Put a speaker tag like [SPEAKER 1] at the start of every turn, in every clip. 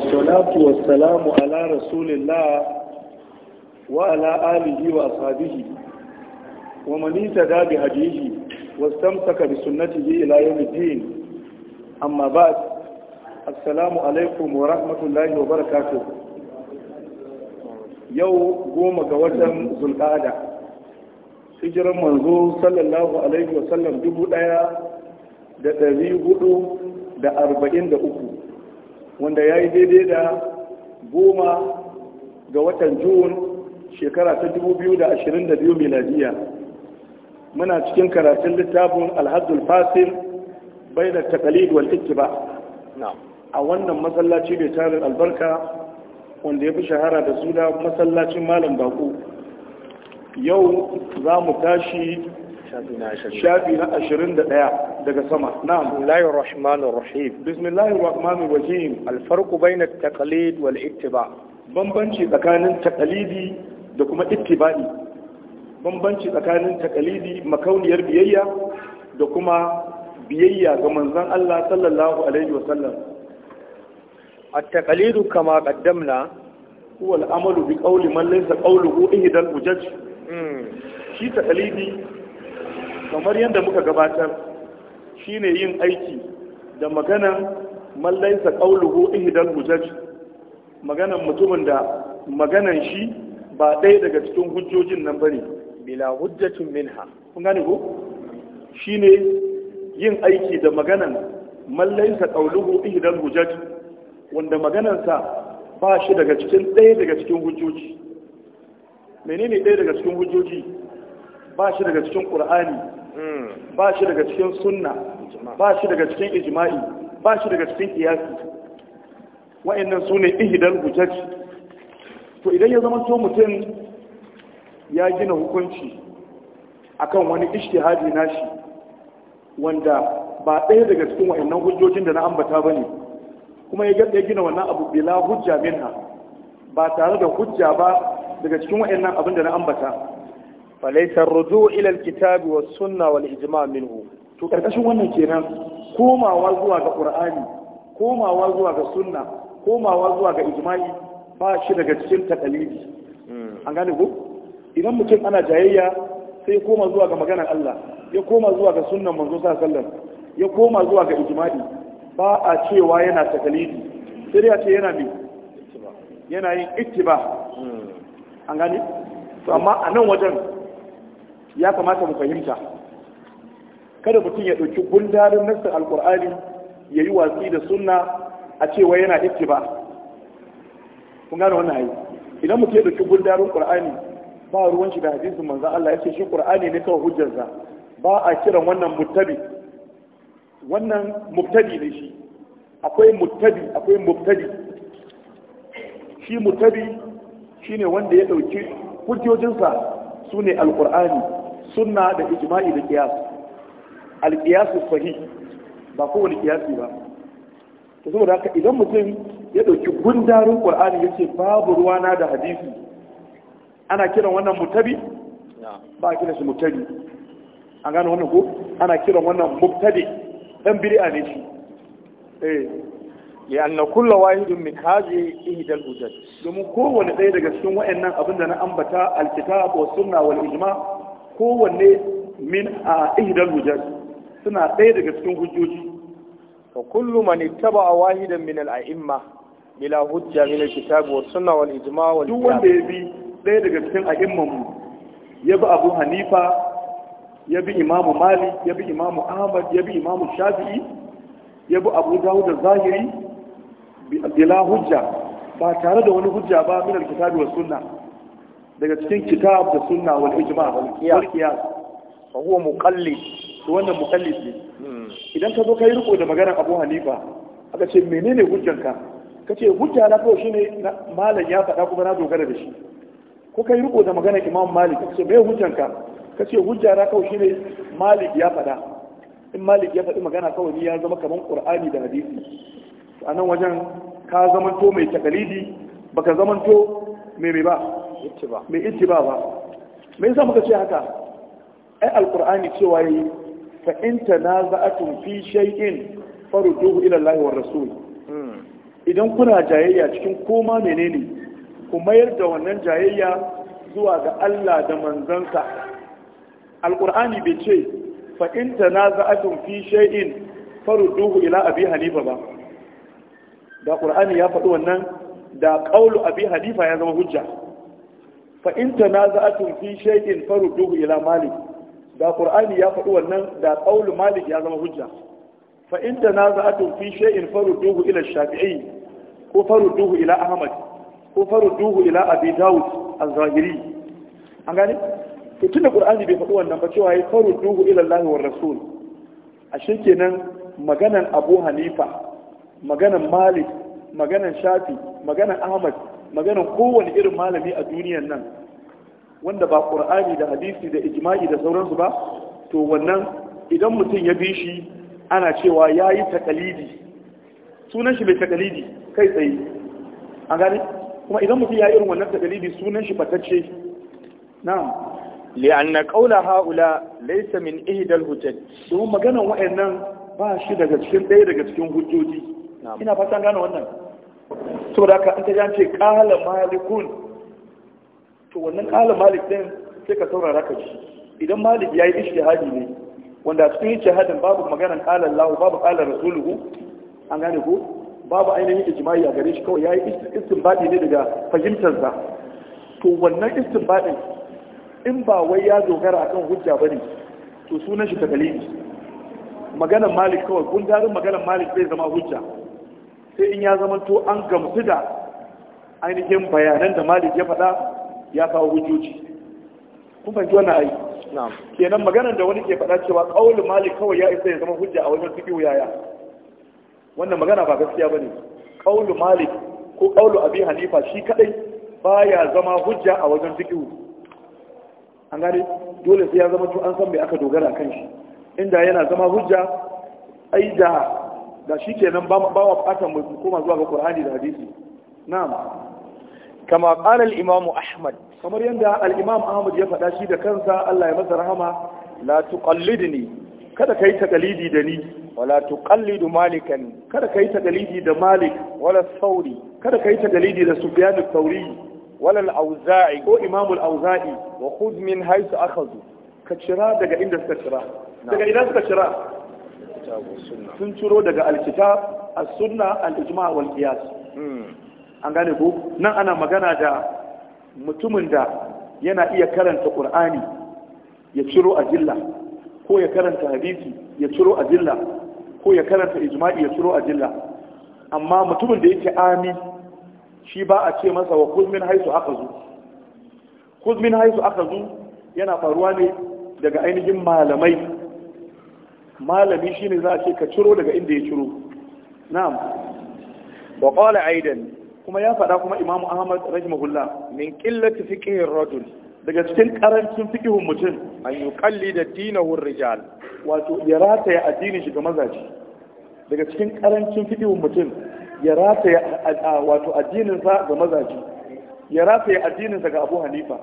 [SPEAKER 1] والصلاة والسلام على رسول الله وعلى آله وأصحابه ومن يتدى بهديه واستمسك بسنته إلى يوم الدين أما بعد السلام عليكم ورحمة الله وبركاته يو قوم قوتم ذو القعدة hijiran manzo sallallahu alaihi wasallam dubu daya da ɗari hudu da arba'in da uku wanda ya yi daidai da goma ga watan jun shekara ta 2022 miladiya muna cikin karatun littafin alhaddul fasil bai da takalid wal ba. a wannan masallaci mai tarin albarka wanda ya fi shahara da suna masallacin malam baku yau za mu tashi shafi na ashirin da ɗaya daga sama na'am bismillahir rahmanir rahim bismillahir rahmanir rahim alfarqu bayna at-taqlid wal ittiba bambanci tsakanin taqlidi da kuma ittiba'i bambanci tsakanin taqlidi makauniyar biyayya da kuma biyayya ga manzon Allah sallallahu alaihi wa sallam at-taqlidu kama qaddamna huwa al hmm. shi kamar yadda muka gabatar shine yin aiki da maganan mallaisa qauluhu ihidan hujjaj maganan mutumin da maganan shi ba ɗaya daga cikin hujjojin nan bane bila hujjatun minha kun gane ko shine yin aiki da maganan mallaisa qauluhu ihidan hujjaj wanda maganansa ba shi daga cikin ɗaya daga cikin hujjoji menene ɗaya daga cikin hujjoji ba shi daga cikin ƙur'ani Mm. ba shi daga cikin sunna ba shi daga cikin ijma'i ba shi daga cikin iyasi wa'annan su ne ihidal hujjaj to idan ya zama to mutum ya gina hukunci akan wani ishtihadi nashi wanda ba ɗaya daga cikin wa'annan hujjojin da na ambata ba ne kuma ya gina wannan abu bila hujja minha ba tare da hujja ba daga cikin wa'annan abin da na ambata falaisar rujo ilal kitabi wa sunna wal ijma minhu to karkashin wannan kenan komawa zuwa ga qur'ani komawa zuwa ga sunna komawa zuwa ga ijma'i ba shi daga cikin taqalidi an gane ko idan mutum ana jayayya sai ya koma zuwa ga maganar Allah ya koma zuwa ga sunnan manzo sa sallan ya koma zuwa ga ijma'i ba a cewa yana taqalidi sai ya ce yana bi yana yin ittiba an gane to amma a nan wajen ya kamata mu fahimta kada mutum ya ɗauki gundarin nasta alkur'ani ya yi watsi da sunna a cewa yana ba. kun gane wannan ayi idan mutum ya ɗauki gundarin qur'ani ba ruwan shi da hadisin manzo Allah yace shi qur'ani ne kawai hujjarsa ba a kiran wannan muttabi wannan mutabi ne shi akwai muttabi akwai mutabi. shi muttabi shine wanda ya ɗauki hujjojinsa su ne alkur'ani sunna da ijma'i da kiyas al qiyas sahih ba kowane kiyasi ba to saboda haka idan mutum ya dauki gundarin qur'ani yace babu ruwana da hadisi ana kiran wannan mutabi ba a kiran shi mutabi an gano wannan ko ana kiran wannan mubtadi dan bid'a ne shi eh anna كل wahidun min هذه ihdal hujjat domin kowane ɗaya daga cikin wa'annan abin da na ambata alkitab wa sunna wal ijma kowanne min a ihdal hujjaj suna ɗaya daga cikin hujjoji fa kullu man ittaba wahidan min al-a'imma bila hujja min al-kitab wa sunnah wal ijma' wal duk wanda ya bi ɗaya daga cikin a'imman mu ya bi Abu Hanifa ya bi Imam Malik ya bi Imam Ahmad ya bi Imam Shafi'i ya bi Abu Dawud az-Zahiri bila hujja ba tare da wani hujja ba min al-kitab wa sunnah daga cikin kitab da sunna wal ijma wal qiyas fa huwa muqallid to wannan muqallid ne hmm. idan ka zo kai riko da magana Abu Hanifa aka ce menene hujjanka kace hujja na kawai shine malam ya faɗa kuma na dogara da shi ko kai riko da magana Imam Malik kace me hujjanka kace hujja na kawai shine Malik ya faɗa in Malik ya faɗi magana kawai ya zama kaman Qur'ani da hadisi a nan wajen ka zamanto mai takalidi baka zamanto mai mai ba mai ittiba ba me yasa muka ce haka ai alqur'ani cewa yi fa in tanaza'atum fi shay'in farudduhu ila Allah wa rasul hmm. idan kuna jayayya cikin koma menene ku mayar da wannan jayayya zuwa ga Allah da manzansa alqur'ani bai ce fa in tanaza'atum fi shay'in farudduhu ila abi hanifa ba da qur'ani ya faɗi wannan da qaulu abi hanifa ya zama hujja fa in tanaza'atun fi shay'in farudduhu ila malik da qur'ani ya faɗi wannan da qaulu malik ya zama hujja fa in tanaza'atun fi shay'in farudduhu ila shafi'i ko farudduhu ila ahmad ko farudduhu ila abi daud az-zahiri an gane to tunda qur'ani bai faɗi wannan ba cewa ya farudduhu ila allahi war rasul ashe kenan maganan abu hanifa maganan malik maganan shafi maganan ahmad maganin kowane irin malami a duniyan nan wanda ba ƙura'ani da hadisi da ijma'i da sauransu ba to wannan idan mutum ya bi shi ana cewa ya yi takalidi sunan shi mai takalidi kai tsaye A gani. kuma idan mutum ya yi irin wannan takalidi sunan shi batacce na'am li'anna qawla haula laysa min ihdal hujjat so maganan wa'annan ba shi daga cikin ɗaya daga cikin hujjoji ina fatan gane wannan saboda da an ta jan ce kala malikun to wannan kala malik din sai ka saurara ka ji idan malik yayi ijtihadi ne wanda a cikin ijtihadin babu magana kala Allah babu kala rasuluhu an gane ko babu ainihin ijma'i a gare shi kawai yayi istinbadi ne daga fahimtar sa to wannan istinbadin in ba wai ya dogara akan hujja bane to sunan shi ta dalili maganar malik kawai kun garin maganar malik zai zama hujja sai in ya zamanto an gamsu da ainihin bayanan da malik ya faɗa ya kawo hujjoji kun fahimci wannan ai kenan maganar da wani ke faɗa cewa ƙaulin malik kawai ya isa ya zama hujja a wajen fiƙi yaya wannan magana ba gaskiya ba ne ƙaulin malik ko ƙaulin abi hanifa shi kaɗai baya zama hujja a wajen fiƙi an gane dole sai ya zama to an san mai aka dogara kan shi inda yana zama hujja ai da da shi kenan ba wa bukatar mai koma zuwa ga Qur'ani da hadisi na'am kama qala al-imam Ahmad kamar yadda al Ahmad ya faɗa shi da kansa Allah ya masa rahama la tuqallidni kada yi taqalidi da ni wala tuqallidu ne. kada yi taqalidi da Malik wala Sauri kada yi taqalidi da Sufyan al-Thawri wala al-Auza'i ko imam al wa khudh min haythu akhadhu ka cira daga inda suka cira daga ina suka cira sun ciro daga alkitab a sunna al-ijma' wal qiyas hmm. an gane ko nan ana magana da mutumin da yana iya karanta qur'ani ya ciro ajilla ko ya karanta hadisi ya ciro ajilla ko ya karanta ijma'i ya ciro ajilla amma mutumin da yake ami shi ba a ce masa wa kuzmin haisu aka zu kuzmin haisu aka zu yana faruwa ne daga ainihin malamai malami shine za a ce ka ciro daga inda ya ciro na'am wa qala aidan kuma ya faɗa kuma imamu ahmad rahimahullah min qillati fiqhi ar-rajul daga cikin karancin fiqhin mutum an yuqalli da dinahu ar-rijal wato ya rataya addinin shi ga mazaji daga cikin karancin fiqhin mutum ya rataya wato addinin sa ga mazaji ya rataya addinin sa ga Abu Hanifa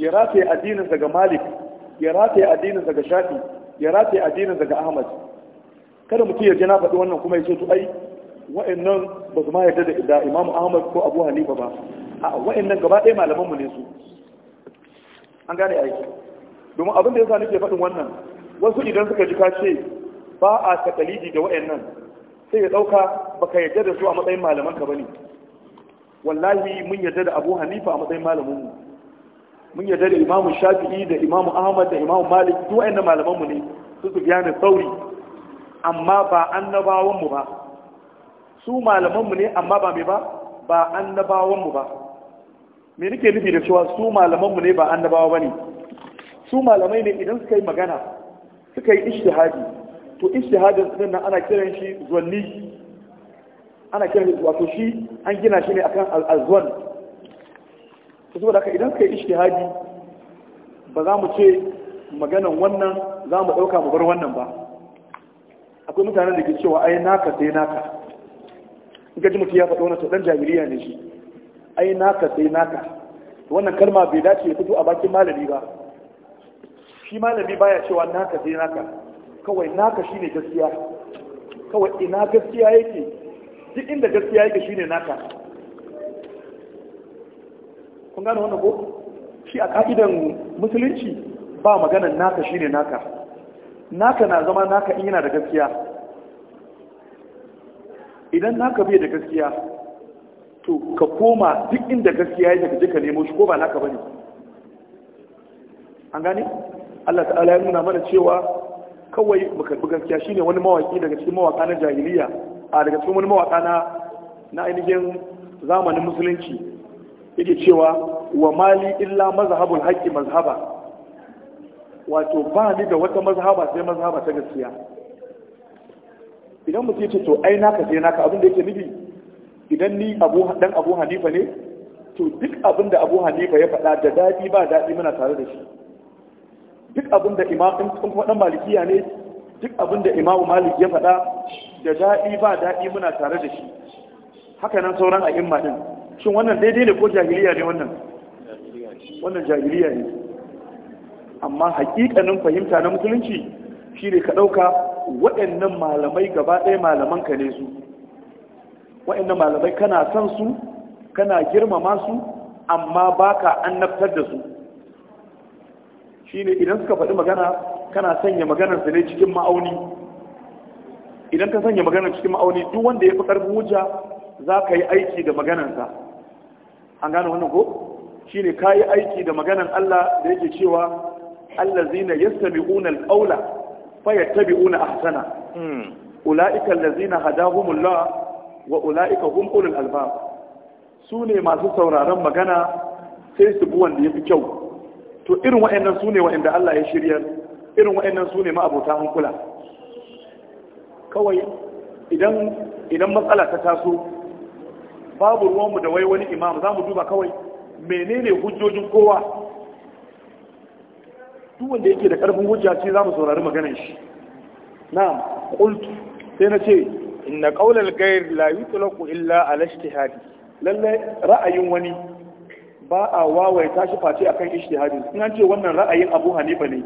[SPEAKER 1] ya rataya addinin sa ga Malik ya rataya addinin sa ga Shafi ya rataye addinin daga Ahmad kada mutum ya jana faɗi wannan kuma ya ce to ai wa'annan ba su ma yarda da da Imam Ahmad ko Abu Hanifa ba a wa'annan gaba ɗaya malaman ne su an gane ai domin abin da yasa nake faɗin wannan wasu idan suka ji ka ce ba a takalidi da wa'annan sai ya ɗauka baka yarda da su a matsayin malaman ba ne. wallahi mun yarda da Abu Hanifa a matsayin malamin mu mun yarda da imamu shafi'i da imamu ahmad da imamu malik duk wa'annan malamanmu ne su su biya sauri amma ba annabawanmu ba su malamanmu ne amma ba mai ba ba annabawanmu ba me nake nufi da cewa su malamanmu ne ba annabawa bane su malamai ne idan suka yi magana suka yi ishtihadi to ishtihadin sunan ana kiran shi zuwanni ana kiran shi wato shi an gina shi ne akan al ta da haka idan ka yi ishtihadi ba za mu ce maganan wannan za mu ɗauka mu bar wannan ba akwai mutanen da ke cewa ai naka sai naka in ka ji mutum ya faɗo wani to ɗan ne shi ai naka sai naka wannan kalma bai dace ya fito a bakin malami ba shi malami baya cewa naka sai naka kawai naka shine gaskiya kawai ina gaskiya yake duk inda gaskiya yake shine naka kun gane wannan ko shi a ka'idan musulunci ba maganan naka shine naka naka na zama naka in yana da gaskiya idan naka bai da gaskiya to ka koma duk inda gaskiya yake kaje ka nemo shi ko ba naka bane an gane Allah ta'ala ya nuna mana cewa kawai mu karbi gaskiya shine wani mawaki daga cikin mawaka na jahiliya a daga cikin wani mawaka na na ainihin zamanin musulunci yake cewa wa mali illa mazhabul haqqi mazhaba wato ba ni da wata mazhaba sai mazhaba ta gaskiya idan mutum yace to ai naka sai naka abin da yake nufi idan ni abu dan abu hanifa ne to duk abin da abu hanifa ya faɗa da daɗi ba daɗi muna tare da shi duk abin da imam in kun dan malikiya ne duk abin da imamu malik ya faɗa da daɗi ba daɗi muna tare da shi haka nan sauran a'imma din shin wannan daidai ne ko jahiliya ne wannan wannan jahiliya ne amma hakikanin fahimta na musulunci shi ne ka ɗauka waɗannan malamai gaba ɗaya malaman ka ne su waɗannan malamai kana son su kana girmama su amma ba ka annabtar da su shi ne idan suka faɗi magana kana sanya maganar su ne cikin ma'auni idan ka sanya maganar cikin ma'auni duk wanda ya fi ƙarfin wuja za ka yi aiki da maganarsa an gano wannan ko shine kayi aiki da maganan Allah da yake cewa allazina yastami'una al-qawla fayattabi'una ahsana hmm. ulaika allazina hadahumullah wa ulaika hum ulul albab sune masu sauraron magana sai su bi wanda yafi kyau to irin waɗannan sune waɗanda Allah ya shirya irin waɗannan sune ma abota hankula kawai idan idan matsala ta taso babu ruwanmu da wai wani imam za mu duba kawai menene hujjojin kowa duk wanda yake da karfin hujja ce za mu saurari maganar shi Na qultu sai na ce inna kaular gair la tulaku illa a ala hadi Lallai ra'ayin wani ba a ta shi face akan hadi in an ce wannan ra'ayin Abu Hanifa ne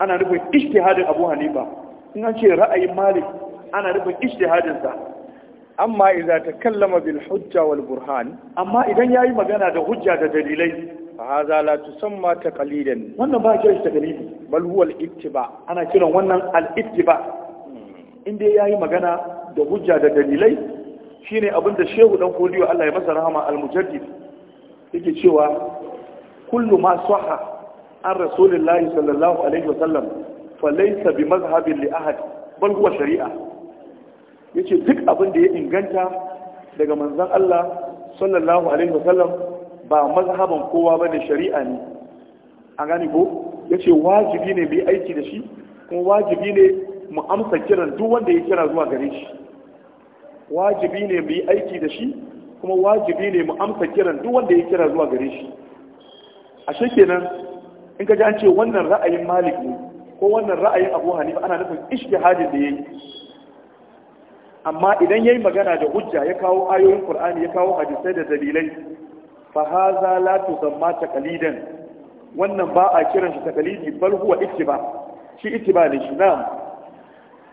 [SPEAKER 1] ana nufin hadin Abu Hanifa in an ce ra'ayin Malik ana nufin ijtihadin sa amma idza kallama bil hujja wal burhan amma idan yayi magana da hujja da dalilai fa haza la tusamma taqlidan wannan ba kiran shi taqlidi bal huwa al ittiba ana kiran wannan al ittiba hmm. inda yayi magana da hujja da dalilai shine abinda shehu dan kodiyo Allah ya masa rahama al mujaddid yake cewa kullu ma sahha an rasulillahi sallallahu alaihi wasallam falaysa bi mazhabin li ahad bal huwa shari'a yace duk abin da ya inganta daga manzon Allah sallallahu alaihi wasallam ba mazhaban kowa bane shari'a ne a gane ko yace wajibi ne mai aiki da shi kuma wajibi ne mu amsa kiran duk wanda ya kira zuwa gare shi wajibi ne mu yi aiki da shi kuma wajibi ne mu amsa kiran duk wanda ya kira zuwa gare shi ashe kenan in ka ji an ce wannan ra'ayin malik ne ko wannan ra'ayin abu hanifa ana nufin ishtihadin da yayi amma idan ya yi magana da hujja ya kawo ayoyin Qur'ani ya kawo hadisai da dalilai fa haza zama takalidan. wannan ba a kiran shi taqlidi bal huwa ittiba shi ittiba ne shi na.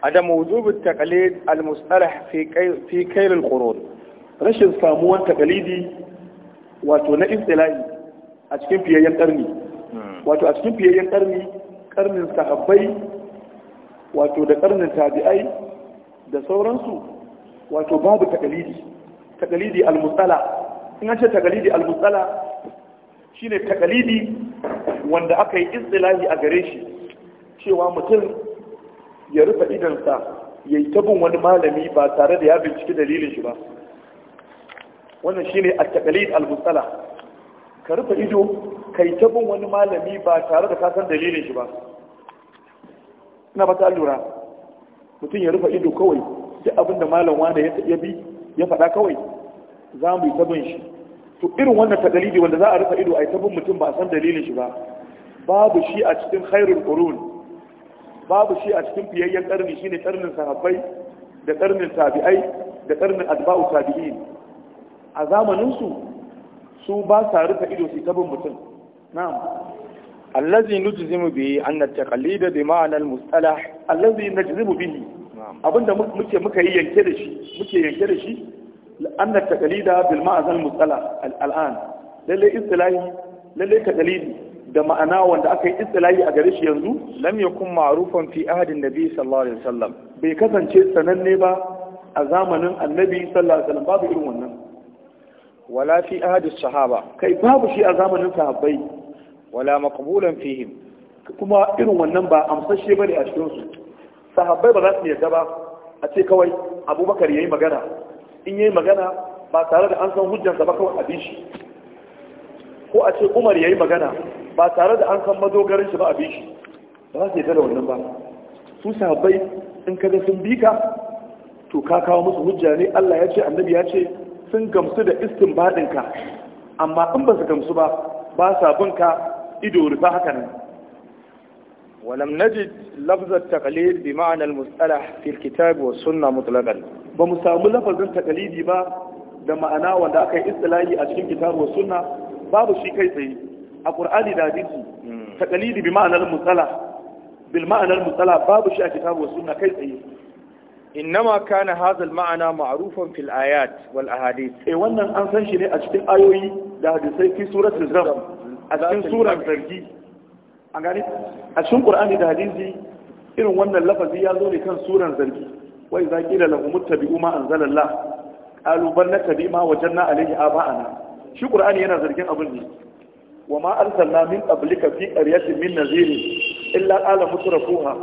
[SPEAKER 1] adam wujubut taqlid al mustalah fi fi kayl al rashin samuwan takalidi wato na istilahi a cikin fiyayyen karni hmm. wato a cikin fiyayyen karni karnin sahabbai wato da karnin tabi'ai da sauransu wato babu takalidi takalidi al-mutsala in an ce takalidi al-mutsala shine takalidi wanda aka yi istilahi a gare shi cewa mutum ya rufe idansa ya yi tabin wani malami ba tare da ya binciki dalilin shi ba wannan shine at takalid al-mustalah ka rufe ido kai tabin wani malami ba tare da kasan dalilin shi ba ina ba ta lura mutum ya rufe ido kawai duk abin da malam wanda ya bi ya faɗa kawai za mu yi tabin shi to irin wannan takalidi wanda za a rufe ido a yi tabin mutum ba a san dalilin shi ba babu shi a cikin khairul qurun babu shi a cikin fiyayyen karni shine karnin sahabbai da karnin tabi'ai da karnin atba'u tabi'in a zamanin su su ba sa rufe ido su tabin mutum na'am allazi nujzimu bihi anna taqlida bi ma'ana al-mustalah allazi nujzimu bihi abinda muke muka yi yanke da shi muke yanke da shi anna taqlida bil ma'ana al-mustalah al-an lalle istilahi lalle taqlidi da ma'ana wanda aka yi istilahi a gare shi yanzu lam yakun ma'rufan fi ahadin nabi sallallahu alaihi wasallam bai kasance sananne ba a zamanin annabi sallallahu alaihi wasallam babu irin wannan wala fi ahadis sahaba kai babu shi a zamanin sahabbai wala maqbulan fihim kuma irin wannan ba amsashe bane a cikin su sahabbai ba za su yarda ba a ce kawai abubakar yayi magana in yayi magana ba tare da an san hujjansa ba kawai abin shi ko a ce umar yayi magana ba tare da an san madogarin shi ba abin shi ba za su yarda da wannan ba su sahabbai in kaga sun bi ka to ka kawo musu hujja ne Allah ya ce annabi ya ce sun gamsu da istinbadin ka amma in ba su gamsu ba ba sa bin ka ido rufa haka nan Walam ولم نجد لفظ التقليد بمعنى المصطلح في الكتاب والسنة مطلقا samu لفظ التقليد ba da ma'ana wanda aka yi istilahi a cikin kitabu wa sunna babu shi kai tsaye a qur'ani da hadisi hmm. taqlidi bi ma'anar musala bil ma'anar musala babu shi a kitabu wa sunna kai tsaye innama kana hadha al ma'ana ma'rufan fil ayat wal ahadith eh wannan an san shi ne a cikin ayoyi da hadisai fi suratul zam a cikin surar zargi an gani a cikin qur'ani da hadisi irin wannan lafazi ya zo ne kan surar zargi wai za kila lahu muttabi'u ma anzalallah qalu bal natabi ma wajanna alayhi aba'ana shi ƙur'ani yana zargin abin ne wa ma arsalna min qablika fi qaryatin min nadhiri illa qala mutrafuha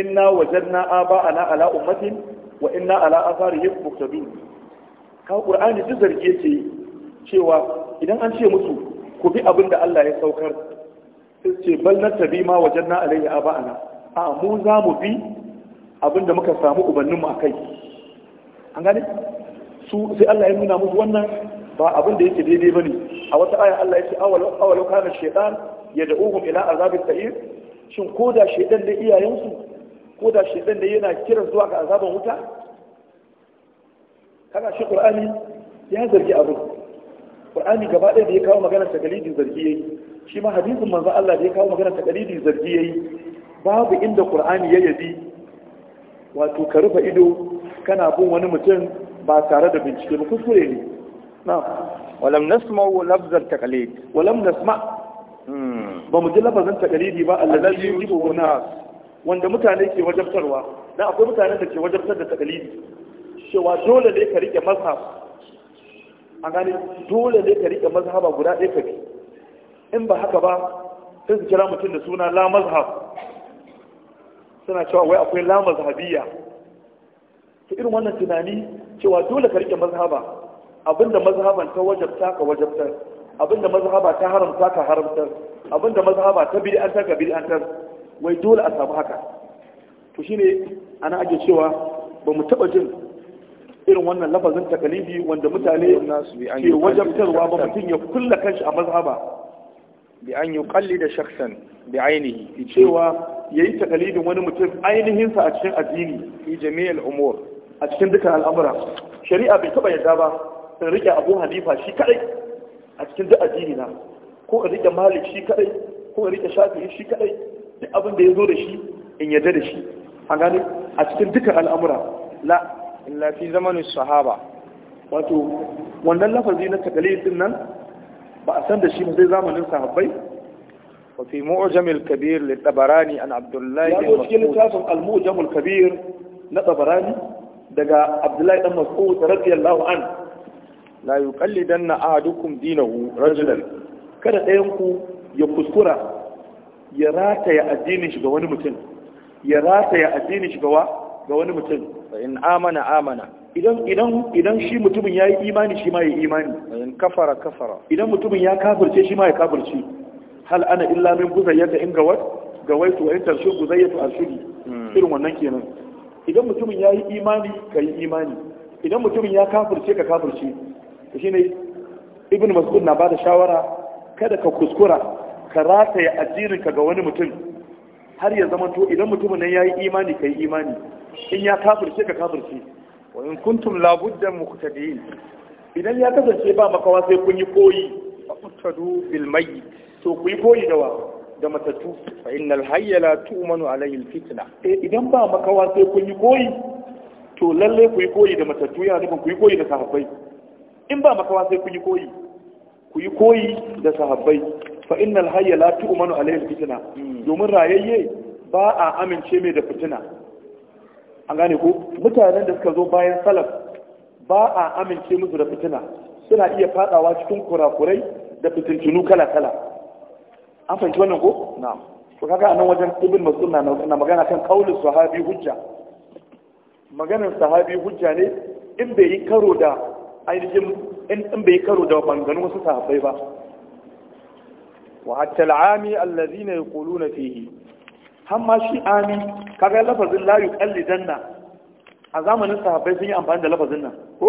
[SPEAKER 1] inna wajanna aba'ana ala ummatin wa inna ala atharihim muqtadun ka ƙur'ani duk zargi yake cewa idan an ce musu ku bi abin da Allah ya saukar sai ce bal na tabi ma wajen na alayhi a ba'ana a mu za mu bi abin da muka samu ubanninmu a kai an gane su sai Allah ya nuna musu wannan ba abin da yake daidai ba ne. a wata aya Allah ya ce awalau kana shaytan yad'uhum ila azabin sa'ir shin ko da shaytan da iyayensu ko da shaytan da yana kira zuwa ga azaban wuta kaga shi Qur'ani ya zargi abin qur'ani gaba ɗaya da ya kawo maganar takalidi zargi yayi shi ma hadisin manzo Allah da ya kawo maganar takalidi zargi yayi babu inda qur'ani ya yabi wato ka rufe ido kana bin wani mutum ba tare da bincike ba kuskure ne na walam nasma lafzan taqlid walam nasma ba mu ji lafazin taqlidi ba allazi yujibu nas wanda mutane ke wajabtarwa dan akwai mutane da ke wajabtar da taqlidi cewa dole ne ka rike mazhab a gani dole ne ka rike mazhaba guda ɗaya ka bi in ba haka ba sai su kira mutum da suna la mazhab suna cewa wai akwai la mazhabiyya to irin wannan tunani cewa dole ka rike mazhaba abinda mazhaban ta wajabta ka wajabtar abinda mazhaba ta haramta ka haramtar abinda mazhaba ta bid'antar ka bid'antar wai dole a samu haka to shine ana ake cewa ba mu taba jin irin wannan lafazin takalifi wanda mutane ke wajabtarwa ba mutum ya kulla kanshi a mazhaba bi an yuqalli da shakhsan bi ainihi cewa ya yi takalidin wani mutum ainihinsa a cikin addini fi jami'il umar, a cikin dukkan al'amura shari'a bai taba yadda ba in rike Abu Hanifa shi kadai a cikin duk addini na ko in rike Malik shi kadai ko in rike Shafi'i shi kadai duk abin da ya zo da shi in yarda da shi a gani a cikin dukkan al'amura la illa fi zamanin sahaba wato wannan lafazi na takalid din nan ba a san da shi ba sai zamanin sahabbai wa fi mu'jam al-kabir li tabarani an abdullah ibn mas'ud cikin littafin al-mu'jam al-kabir na tabarani daga Abdullahi ibn mas'ud radiyallahu an la yuqallidanna ahadukum dinahu rajulan kada ɗayan ku ya kuskura ya rataya addinin shi ga wani mutum ya rataya addinin shi ga wani mutum fa in amana amana idan idan idan shi mutumin yayi imani shi ma yayi imani in kafara kafara idan mutumin ya kafirce shi ma ya kafirce hal ana illa min guzayyata in gawat gawaitu wa in tarshu guzayyatu arshudi hmm. irin wannan kenan idan mutumin yayi imani kai imani idan mutumin ya kafirce ka kafirce shine ibn mas'ud na bada shawara kada ka kuskura ka rataya addinin ka ga wani mutum har ya zama to idan mutumin nan yayi imani kai imani in ya kafirce ka kafirce wa in kuntum labudda muqtadin idan ya kasance ba makawa sai kun yi koyi fa uttadu bil mayyit to ku yi koyi da wa da matatu fa innal hayya la tu'manu alayhi al fitna eh, idan ba makawa sai kun yi koyi to lalle ku yi koyi da matatu ya nufin ku yi koyi da sahabbai in ba makawa sai kun yi koyi ku yi koyi da sahabbai fa innal hayya la tu'manu alayhi al fitna hmm. domin rayayye ba a amince mai da fitina an gane ko mutanen da suka zo bayan salaf ba a amince musu da fitina suna iya fadawa cikin kurakurai da fitintunu kala-kala an fahimci wannan ko na'am to kaga anan wajen ibn mas'ud na na magana kan qaulin sahabi hujja maganar sahabi hujja ne in bai yi karo da ainihin in bai yi karo da banganu wasu sahabbai ba wa hatta al'ami allazina yaquluna fihi hamma shi amin kaga lafazin la yuqallidanna a zamanin sahabbai sun yi amfani da lafazin nan ko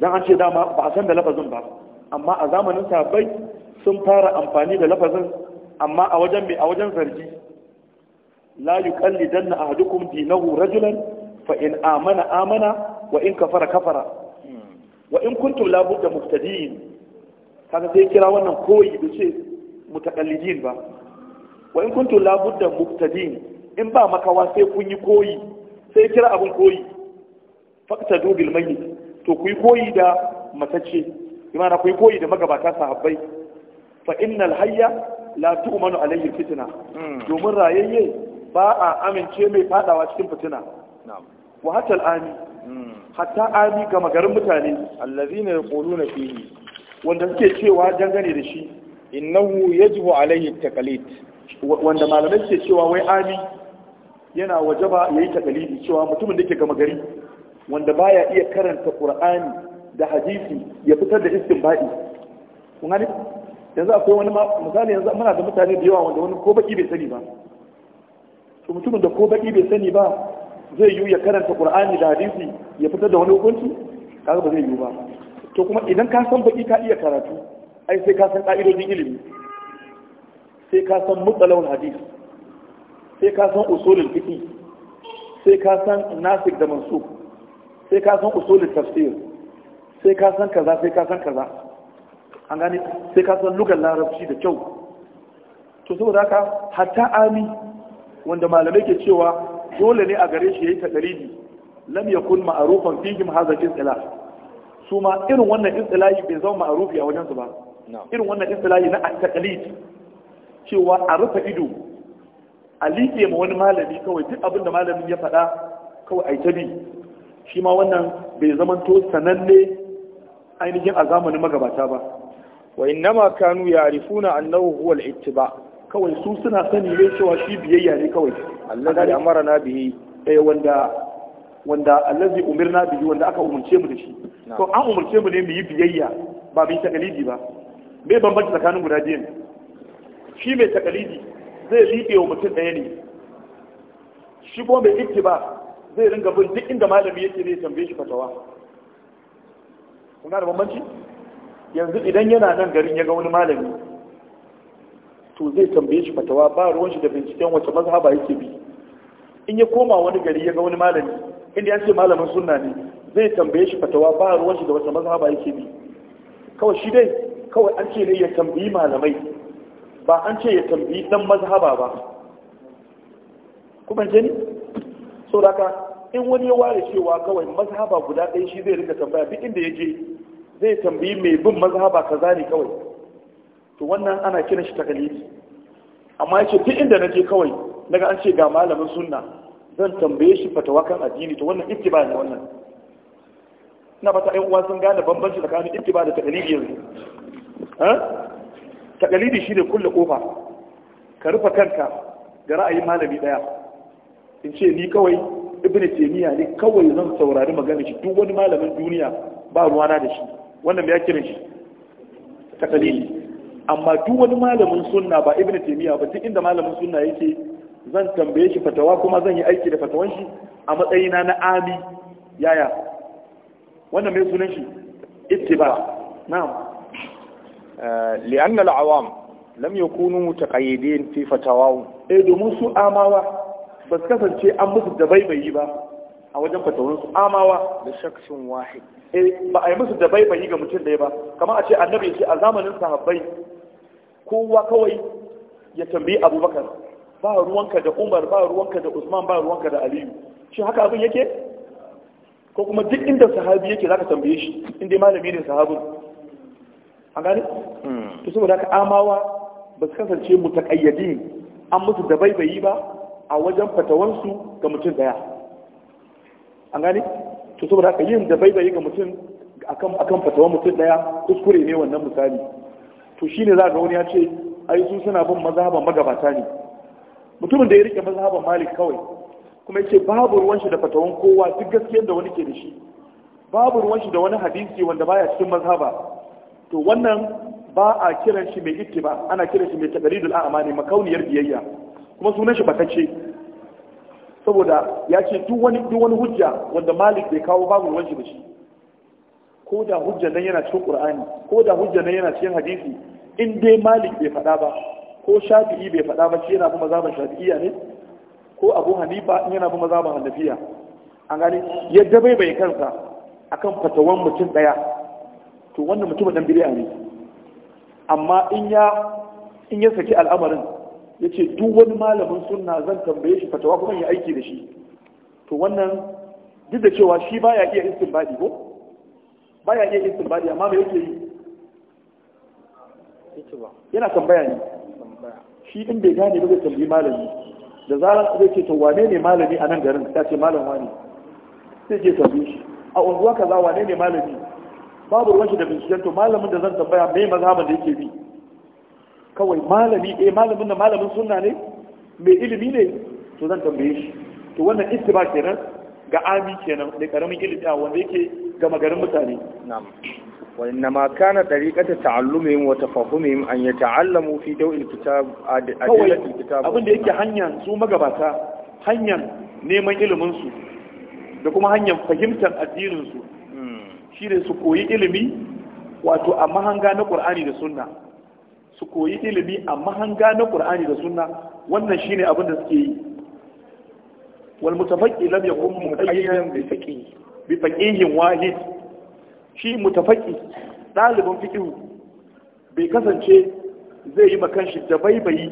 [SPEAKER 1] dan an ce dama ba a san da lafazin ba amma a zamanin sahabbai sun fara amfani da lafazin amma a wajen mai a wajen zargi la yuqallidanna ahadukum dinahu rajulan fa in amana amana wa in kafara kafara wa in kuntum la budda muftadin kaga sai kira wannan koyi da ce mutakallidin ba wa in kuntu labudda muktadin in ba makawa sai kun yi koyi sai kira abin koyi faqtadu bil mayyit to ku yi koyi da matacce imana ku yi koyi da magabata sahabbai fa innal hayya la tu'manu alayhi fitna
[SPEAKER 2] hmm. domin
[SPEAKER 1] rayayye ba a amince mai fadawa cikin fitina wa hatta al'ani hmm. hatta ani ga magarin mutane allazina yaquluna fihi wanda suke cewa dangane da shi innahu yajibu alayhi taqlid wanda malamai ke cewa wai ami yana waje ba ya yi takalidi cewa mutumin da ke gama gari wanda baya iya karanta ƙura'ani da hadisi ya fitar da iskin ba'i gani yanzu akwai wani misali yanzu muna da mutane da yawa wanda wani ko baki bai sani ba to mutumin da ko baki bai sani ba zai yiwu ya karanta ƙura'ani da hadisi ya fitar da wani hukunci kaga ba zai yiwu ba to kuma idan ka san baki ka iya karatu ai sai ka san ka'idojin ilimi sai ka san mutsalawun hadis sai ka san usulul fiqh sai ka san nasik da mansu sai ka san usulul tafsir sai ka san kaza sai ka san kaza an gane sai ka san lugar larabci da kyau to saboda haka hatta ami wanda malamai ke cewa dole ne a gare shi yayi takaridi lam yakun ma'rufan fihim hadha al-istilah su ma irin wannan istilahi bai zama ma'rufi a wajen su ba irin wannan istilahi na at-taqlid cewa a rufe ido a liƙe ma wani malami kawai duk abin da malamin ya faɗa kawai a yi ta bi shi ma wannan bai to sananne ainihin a zamanin magabata ba wa ma kanu ya'rifuna annahu huwa al-ittiba kawai su suna sani ne cewa shi biyayya ne kawai allazi na bihi eh wanda wanda allazi umirna bihi wanda aka umurce mu da shi to an umurce mu ne mu yi biyayya ba mu yi takalidi ba me bambanci tsakanin guda biyu shi mai takalidi zai liƙe wa mutum ɗaya ne shi kuma mai ba, zai ringa bin duk inda malami yake zai tambaye shi fatawa kuna da bambanci yanzu idan yana nan garin ya ga wani malami to zai tambaye shi fatawa ba ruwan shi da binciken wace mazhaba yake bi in ya koma wani gari ya ga wani malami inda ya ce malamin sunna ne zai tambaye shi fatawa ba ruwan shi da wace mazhaba yake bi kawai shi dai kawai an ce ne ya tambayi malamai ba an ce ya tambayi dan mazhaba ba kuma jini so daga in wani ya ware cewa kawai mazhaba guda ɗaya shi zai rika tambaya duk inda ya je zai tambayi mai bin mazhaba kaza ne kawai to wannan ana kiran shi takalifi amma ya ce duk inda na je kawai daga an ce ga malamin sunna zan tambaye shi fatawa kan addini to wannan ittiba ne wannan ina ta ƴan uwa sun gane bambanci tsakanin ittiba da takalifi yanzu takalidi shi ne kulle kofa ka rufe kanka ga ra'ayin malami daya in ce ni kawai ibn taymiya ne kawai zan saurari magana shi duk wani malamin duniya ba ruwana da shi wannan ya kira shi takalidi amma duk wani malamin sunna ba ibn taymiya ba duk inda malamin sunna yake zan tambaye shi fatawa kuma zan yi aiki da fatawan shi a matsayina na ami yaya wannan mai sunan shi ittiba na'am li'an al'awam lam yakunu mutaqayyidin fi fatawahum eh domin su amawa ba su kasance an musu dabaibayi ba a wajen fatawun su amawa da shakshin wahid eh ba a yi musu da bai dabaibayi ga mutum ɗaya ba Kama a ce annabi ce a zamanin sahabbai kowa kawai ya tambayi abubakar ba ruwanka da umar ba ruwanka da usman ba ruwanka da aliyu shi haka abin yake ko kuma duk inda sahabi yake zaka tambaye shi inda malami ne sahabin an gani? Hmm. to saboda haka amawa ba su kasance mu taƙayyadi an musu da baibayi ba a wajen fatawansu ga mutum daya an gani? to saboda haka yin da baibayi ga mutum akan akan fatawan mutum daya kuskure ne wannan misali to shi ne za ga wani ya ce ai su suna bin mazhaban magabata ne mutumin da ya rike mazhaban malik kawai kuma ya ce babu ruwan shi da fatawan kowa duk gaskiyar da wani ke da shi babu ruwan shi da wani hadisi wanda baya cikin mazhaba to wannan ba a kiran shi mai ba, ana kiran shi mai taqridul amani makauniyar biyayya kuma sunan shi bakacce saboda ya ce duk wani duk wani hujja wanda malik bai kawo babu ruwan shi da shi ko da hujja nan yana cikin qur'ani ko da hujja nan yana cikin hadisi in dai malik bai faɗa ba ko shafi'i bai faɗa ba shi yana bi mazhaban shafi'iyya ne ko abu hanifa yana bi mazhaban hanafiya an gani yadda bai bai kansa akan fatawan mutum daya to wannan mutumin dan bid'a ne amma in ya in ya saki al'amarin ya ce duk wani malamin sunna zan tambaye shi fatawa kuma ya aiki da shi to wannan duk da cewa shi baya iya istinbadi ko baya iya istinbadi amma me yake yi yana tambaya ne shi in bai gane ba zai tambayi malami da zaran zai ce to wane ne malami a nan garin Ya ce malam wani sai ke tambaye shi a unguwa kaza wane ne malami babu ruwan shi da binciken to malamin da zan tambaya mai mazhaban da yake bi kawai malami eh malamin da malamin sunna ne mai ilimi ne to zan tambaye shi to wannan istiba kenan ga ami kenan da karamin ilimi a wanda yake gama garin mutane na'am وإنما wa طريقة an yata'allamu fi dawil kitab ضوء kitab abin da yake hanyar su magabata مغباتا neman ilimin su da kuma hanyar fahimtar addininsu shine su koyi ilimi wato a mahanga na qur'ani da sunna su koyi ilimi a mahanga na qur'ani da sunna wannan shine abin da suke yi wal mutafaqi lam yakun muqayyidan bi faqih bi faqihin wahid shi mutafaqi dalibin fiqh bai kasance zai yi makan shi da baibayi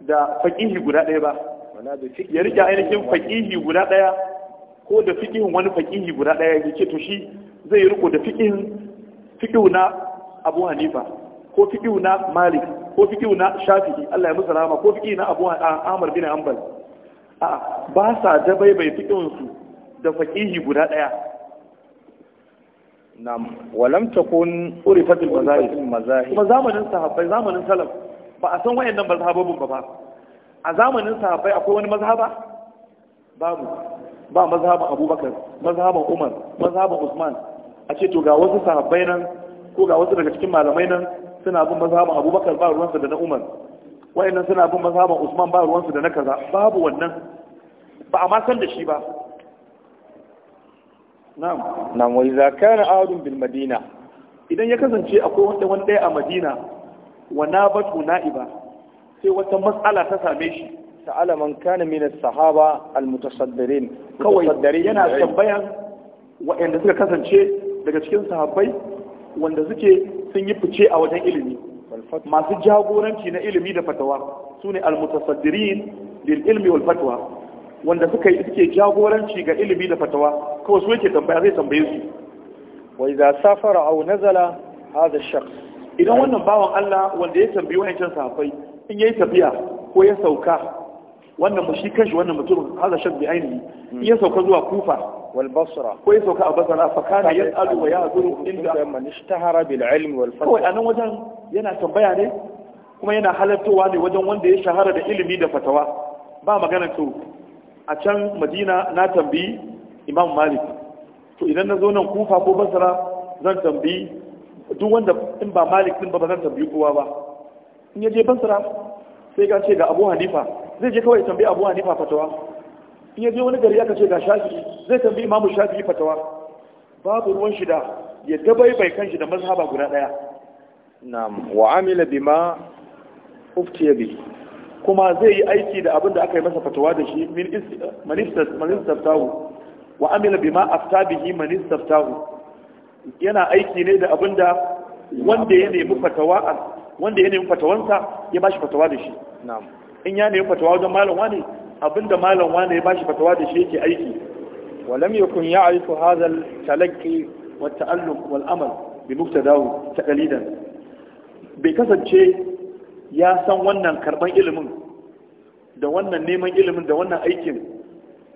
[SPEAKER 1] da faqihi guda ɗaya ba ya rike ainihin faqihi guda ɗaya ko da fiqihin wani faqihi guda ɗaya ya ce to shi zai riko da fiƙihu na abu hanifa ko fiƙihu na malik ko fiƙihu na shafi'i allah ya musu rama ko fiƙihu na abu Amr ah, bin ambal a ba sa dabaibai su da fakihi guda ɗaya nam walam takun urifatul mazahib kuma zamanin sahabbai zamanin salaf ba a san wayannan mazhabobin ba ba a zamanin sahabbai akwai wani mazhaba babu ba mazhaban abubakar mazhaban umar mazhaban usman a ce to ga wasu sahabbai nan ko ga wasu daga cikin malamai nan suna bin mazhaban abubakar ba ruwansu da na umar nan suna bin mazhaban usman ba ruwansu da na kaza babu wannan ba a ma san da shi ba na'am na'am wa idza kana bil madina idan ya kasance akwai wanda wanda a madina wa nabatu na'iba sai wata matsala ta same shi sa'ala man kana min as-sahaba al-mutasaddirin kawai yana tambayan waɗanda suka kasance daga cikin sahabbai wanda suke sun yi fice a wajen ilimi masu jagoranci na ilimi da fatawa sune ne al-mutasaddirin lil ilmi wal fatwa wanda suka yi suke jagoranci ga ilimi da fatawa kawai su yake tambaya zai tambaye su wa idza safara aw nazala hadha ash-shakhs idan wannan bawan Allah wanda ya tambayi wayancan sahabbai in yayi tafiya ko ya sauka wannan mu shi kanshi wannan mutum haza shan bi aini ya sauka zuwa kufa wal basra ko ya sauka a basra fa kana yas'alu wa ya'zuru inda man ishtahara bil ilmi wal fadl kawai anan wajen yana tambaya ne kuma yana halartowa ne wajen wanda ya shahara da ilimi da fatawa ba magana to a can madina na tambayi imam malik to idan na zo nan kufa ko basra zan tambayi duk wanda in ba malik din ba ba zan tambayi kowa ba in ya je basra sai ga ce ga abu hanifa zai je kawai tambayi abuwa ne fatawa in yaje wani gari aka ce ga shafi zai tambayi imamu shafi fatawa babu ruwan shida ya dabaibai bai kanshi da mazhaba guda daya na'am wa amila bima uftiya bi kuma zai yi aiki da abin da aka yi masa fatawa da shi min manistaftahu wa amila bima afta bihi manistaftahu yana aiki ne da abin da wanda ya nemi fatawa wanda ya nemi fatawansa ya bashi fatawa da shi na'am in ya nemi fatawa wajen malam wane abinda malam wane ya bashi fatawa da shi yake aiki lam yakun ya'rifu hadha al-talaqqi wa ta'alluq al amal bi muktadahu taqlidan bai kasance ya san wannan karban ilimin da wannan neman ilimin da wannan aikin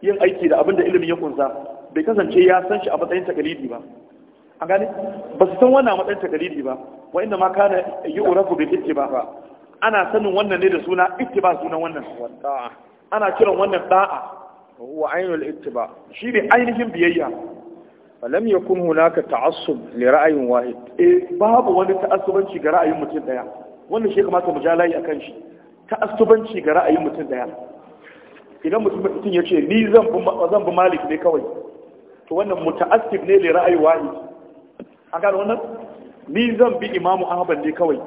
[SPEAKER 1] yin aiki da abinda ilimin ya kunsa bai kasance ya san shi a matsayin takalidi ba an gane ba su san wannan a matsayin takalidi ba wa inda ma kana yi bi ittiba ba ana sanin wannan ne da suna ittiba sunan wannan ana kiran wannan da'a huwa ainul ittiba shi ne ainihin biyayya falam yakun ka ta'assub li ra'ayin wahid eh babu wani ta'assubanci ga ra'ayin mutum daya wannan shi kamata mu ja layi akan shi ta'assubanci ga ra'ayin mutum daya idan mutum ya ce ni zan bi zan bi malik ne kawai to wannan muta'assib ne li ra'ayi wahid A gano wannan ni zan bi imamu ahmad ne kawai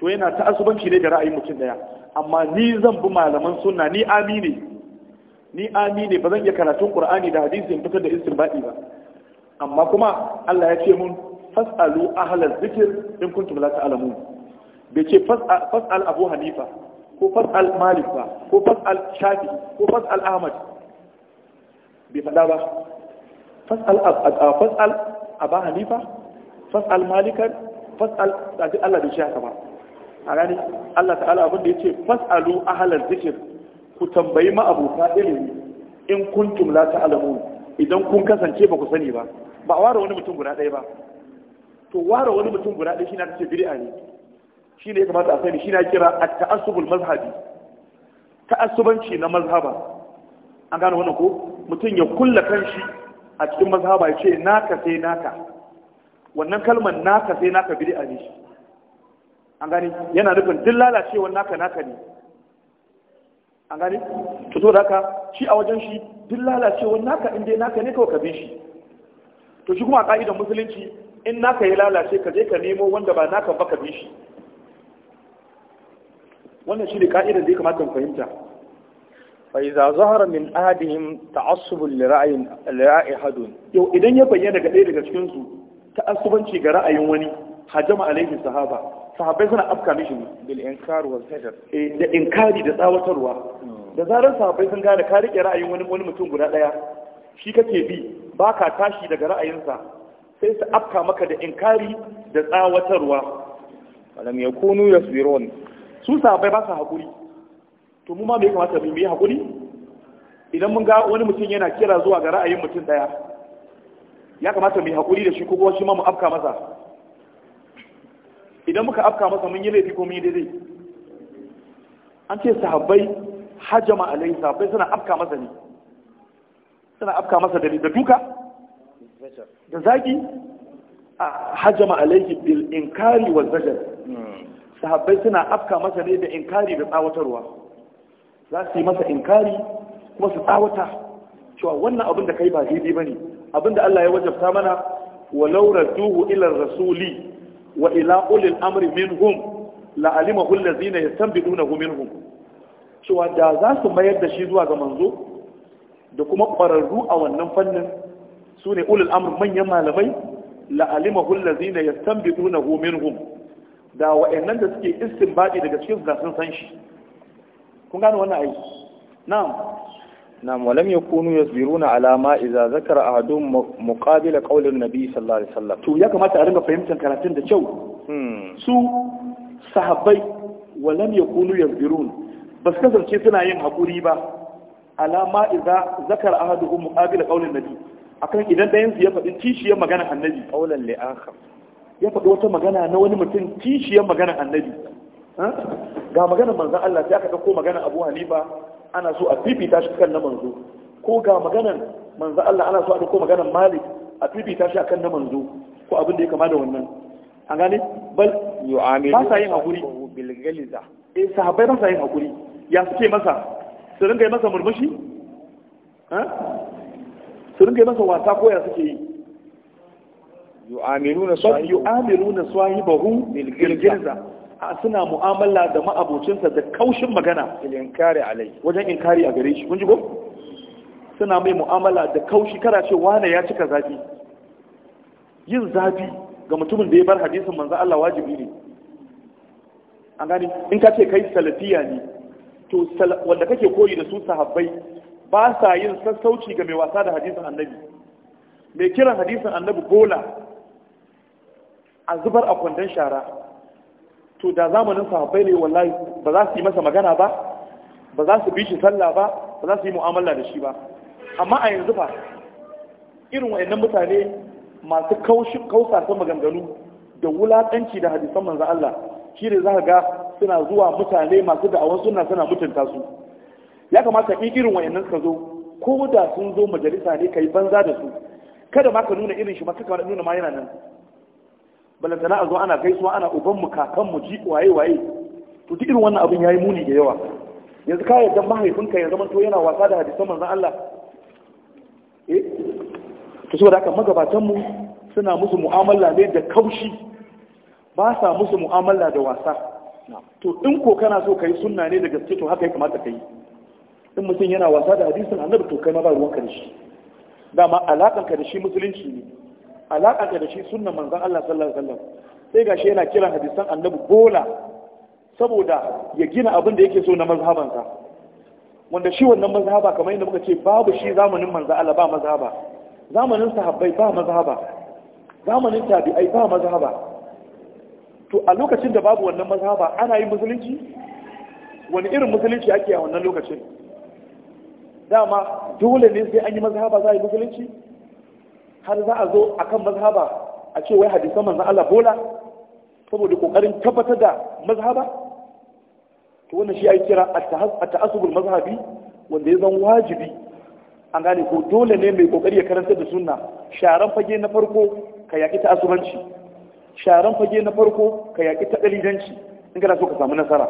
[SPEAKER 1] to yana ta asubanci ne da ra'ayin mutum daya amma ni zan bi malaman sunna ni Amini. ni Amini ba zan iya karatun qur'ani da hadisi in fitar da istinbadi ba amma kuma Allah ya ce mun fasalu ahlal zikr in kuntum la ta'lamun bai ce fasal abu hanifa ko fasal malik ba ko fasal shafi ko fasal ahmad bai faɗa ba fasal fasal abu hanifa fasal malikan fasal Allah bai shi haka ba a rani Allah ta'ala abinda ya ce fasalu ahlal zikir ku tambayi ma'abuta ilimi in tumla ta alamu idan kun kasance ba ku sani ba ba a ware wani mutum guda ɗaya ba to ware wani mutum guda ɗaya shine kace bid'a ne shine ya kamata a sani shine kira at-ta'assubul mazhabi ta'assubanci na mazhaba an gane wannan ko mutum ya kulla kanshi a cikin mazhaba ya ce naka sai naka wannan kalmar naka sai naka bid'a ne shi an gani yana nufin duk lalacewar naka naka ne an gani to so da haka shi a wajen shi duk lalacewar naka in dai naka ne kawai ka bin shi to shi kuma a ka'idar musulunci in naka ya lalace ka je ka nemo wanda ba naka ba ka bin shi wannan shi ne ka'idar da ya kamata mu fahimta فإذا ظهر من أحدهم تعصب لرأي لرأي أحد يو إذا يبين daga ɗaya daga cikinsu su ta'assubanci ga ra'ayin wani hajama alaihi sahaba Sahabai suna afka mishi eh, da inkari da tsawatarwa hmm. da zarar sahabai sun gane ka rike ra'ayin wani wani mutum guda daya shi kake bi baka tashi daga ra'ayinsa sai su afka maka da inkari da tsawatarwa alam ya yasbirun su sahabai ba su hakuri to mu ma me kamata mu yi hakuri idan mun ga wani mutum yana kira zuwa ga ra'ayin mutum daya ya kamata mu yi hakuri da shi ko kuma shi ma mu afka masa idan muka afka masa mun yi laifi ko mun yi daidai an ce sahabbai hajama alai sahabbai suna afka masa ne suna afka masa da da duka da zaki a hajama alaihi bil inkari wa zajar sahabbai suna afka masa ne da inkari da tsawatarwa za su yi masa inkari kuma su tsawata cewa wannan abin da kai ba daidai ne. abin da Allah ya wajabta mana walau radduhu ila rasuli wa ila ulil amri minhum la'alimahu allazina yastanbidunahu minhum cewa da za su mayar da shi zuwa ga manzo da kuma ƙwararru a wannan fannin su ne ulul amr manyan malamai la'alimahu allazina yastanbidunahu minhum da wa'annan da suke istinbadi daga cikin zasun san shi kun gane wannan ayi na'am نعم ولم يكونوا يصبرون على ما إذا ذكر أحدهم مقابل قول النبي صلى الله عليه وسلم تو يا كما تعرف فهمت كلامتين ده شو سو صحابي ولم يكونوا يصبرون بس كذا شيء سنا يم حقوري با على ما إذا ذكر أحدهم مقابل قول النبي akan idan دين su ya faɗi kishiyar magana annabi qaulan li akhar ya faɗi wata magana na wani mutum kishiyar magana annabi ga maganar manzon Allah sai aka dauko magana Abu Hanifa ana so a fifita shi kan na manzo ko ga maganan manzo Allah ana so a ko maganan malik a fifita shi kan na manzo ko abin da ya kama da wannan an gane bal yu'amilu ba sa yin hakuri bil galiza eh sahabbai ba sa yin hakuri ya suke masa su ringa yi masa murmushi ha su ringa yi masa wasa ko ya suke yi yu'amiluna sahibahu bil galiza suna mu'amala da ma'abocinsa da kaushin magana inkari alai wajen inkari a gare shi kun ji ko suna mai mu'amala da kaushi kara ce wane ya cika zafi yin zafi ga mutumin da ya bar hadisin manzo Allah wajibi ne an gani in ka ce kai salafiya ne to wanda kake koyi da su sahabbai ba sa yin sassauci ga mai wasa da hadisin annabi mai kiran hadisin annabi bola a zubar a kwandon shara to da zamanin sahabbai ne wallahi ba za su yi masa magana ba ba za su bi shi sallah ba ba za su yi mu'amala da shi ba amma a yanzu fa irin wayannan mutane masu kausa ta maganganu da wulaƙanci da hadisan manzo Allah shi ne za ga suna zuwa mutane masu da'awar suna suna mutunta su ya kamata in irin wayannan ka zo ko da sun zo majalisa ne kai banza da su kada ma ka nuna irin shi ma kaka nuna ma yana nan balantana a zo ana gaisuwa ana ubanmu kakanmu ji waye waye to duk irin wannan abin yayi muni da yawa yanzu ka yarda mahaifinka ya zama to yana wasa da hadisan manzon Allah eh to saboda haka magabatan mu suna musu mu'amala ne da kaushi ba sa musu mu'amala da wasa to in ko kana so kai sunna ne da gaske to haka ya kamata kai in mutum yana wasa da hadisin annabi to kai ma ba ruwan shi. dama alakan ka da shi musulunci ne alaƙa da shi suna manzan Allah sallallahu alaihi wasallam sai gashi yana kiran hadisan annabi bola saboda ya gina abin da yake so na mazhabansa wanda shi wannan mazhaba kamar yadda muka ce babu shi zamanin manzan Allah ba mazhaba zamanin sahabbai ba mazhaba zamanin tabi'ai ba mazhaba to a lokacin da babu wannan mazhaba ana yin musulunci wani irin musulunci ake a wannan lokacin dama dole ne sai an yi mazhaba za a yi musulunci har za a zo a kan mazhaba a ce wai hadisan manzan Allah bola saboda kokarin tabbatar da mazhaba to wannan shi ake kira at-ta'assubul mazhabi wanda ya zan wajibi an gane ko dole ne mai kokari ya karanta da sunna sharan fage na farko ka yaki ta'assubanci sharan fage na farko ka yaki ta dalilanci in kana so ka samu nasara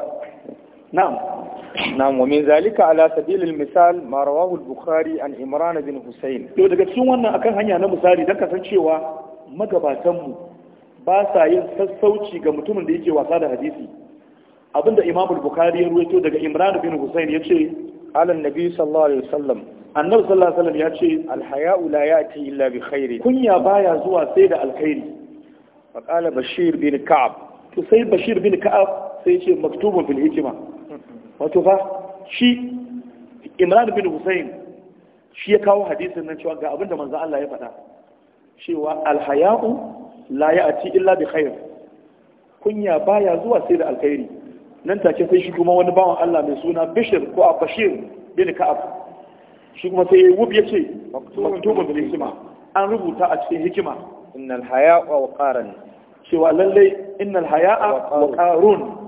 [SPEAKER 1] na'am نعم ومن ذلك على سبيل misal ما Bukhari البخاري Imran bin Hussein. daga cikin wannan akan hanya na misali dan kasancewa magabatan mu ba sa yin sassauci ga mutumin da yake wasa da hadisi abinda Imam bukhari ya ruwaito daga Imran bin Husayn yace alan nabi sallallahu alaihi wasallam annabi sallallahu alaihi wasallam yace al-haya'u la ya'ti illa bi khairi kunya baya zuwa sai da alkhairi faqala bashir bin ka'ab to sai bashir bin ka'ab sai yace maktubun fil hikma wato fa shi imran bin husayn shi ya kawo hadisin nan cewa ga abinda manzo Allah ya faɗa cewa alhaya'u la ya'ti illa bi khair kunya baya zuwa sai da alkhairi nan take sai shi kuma wani bawan Allah mai suna Bishir ko Abashir bin Ka'ab shi kuma sai yayi wub yace maktubun bil hikma an rubuta a cikin hikima innal haya'a wa qaran cewa lalle innal haya'a wa qarun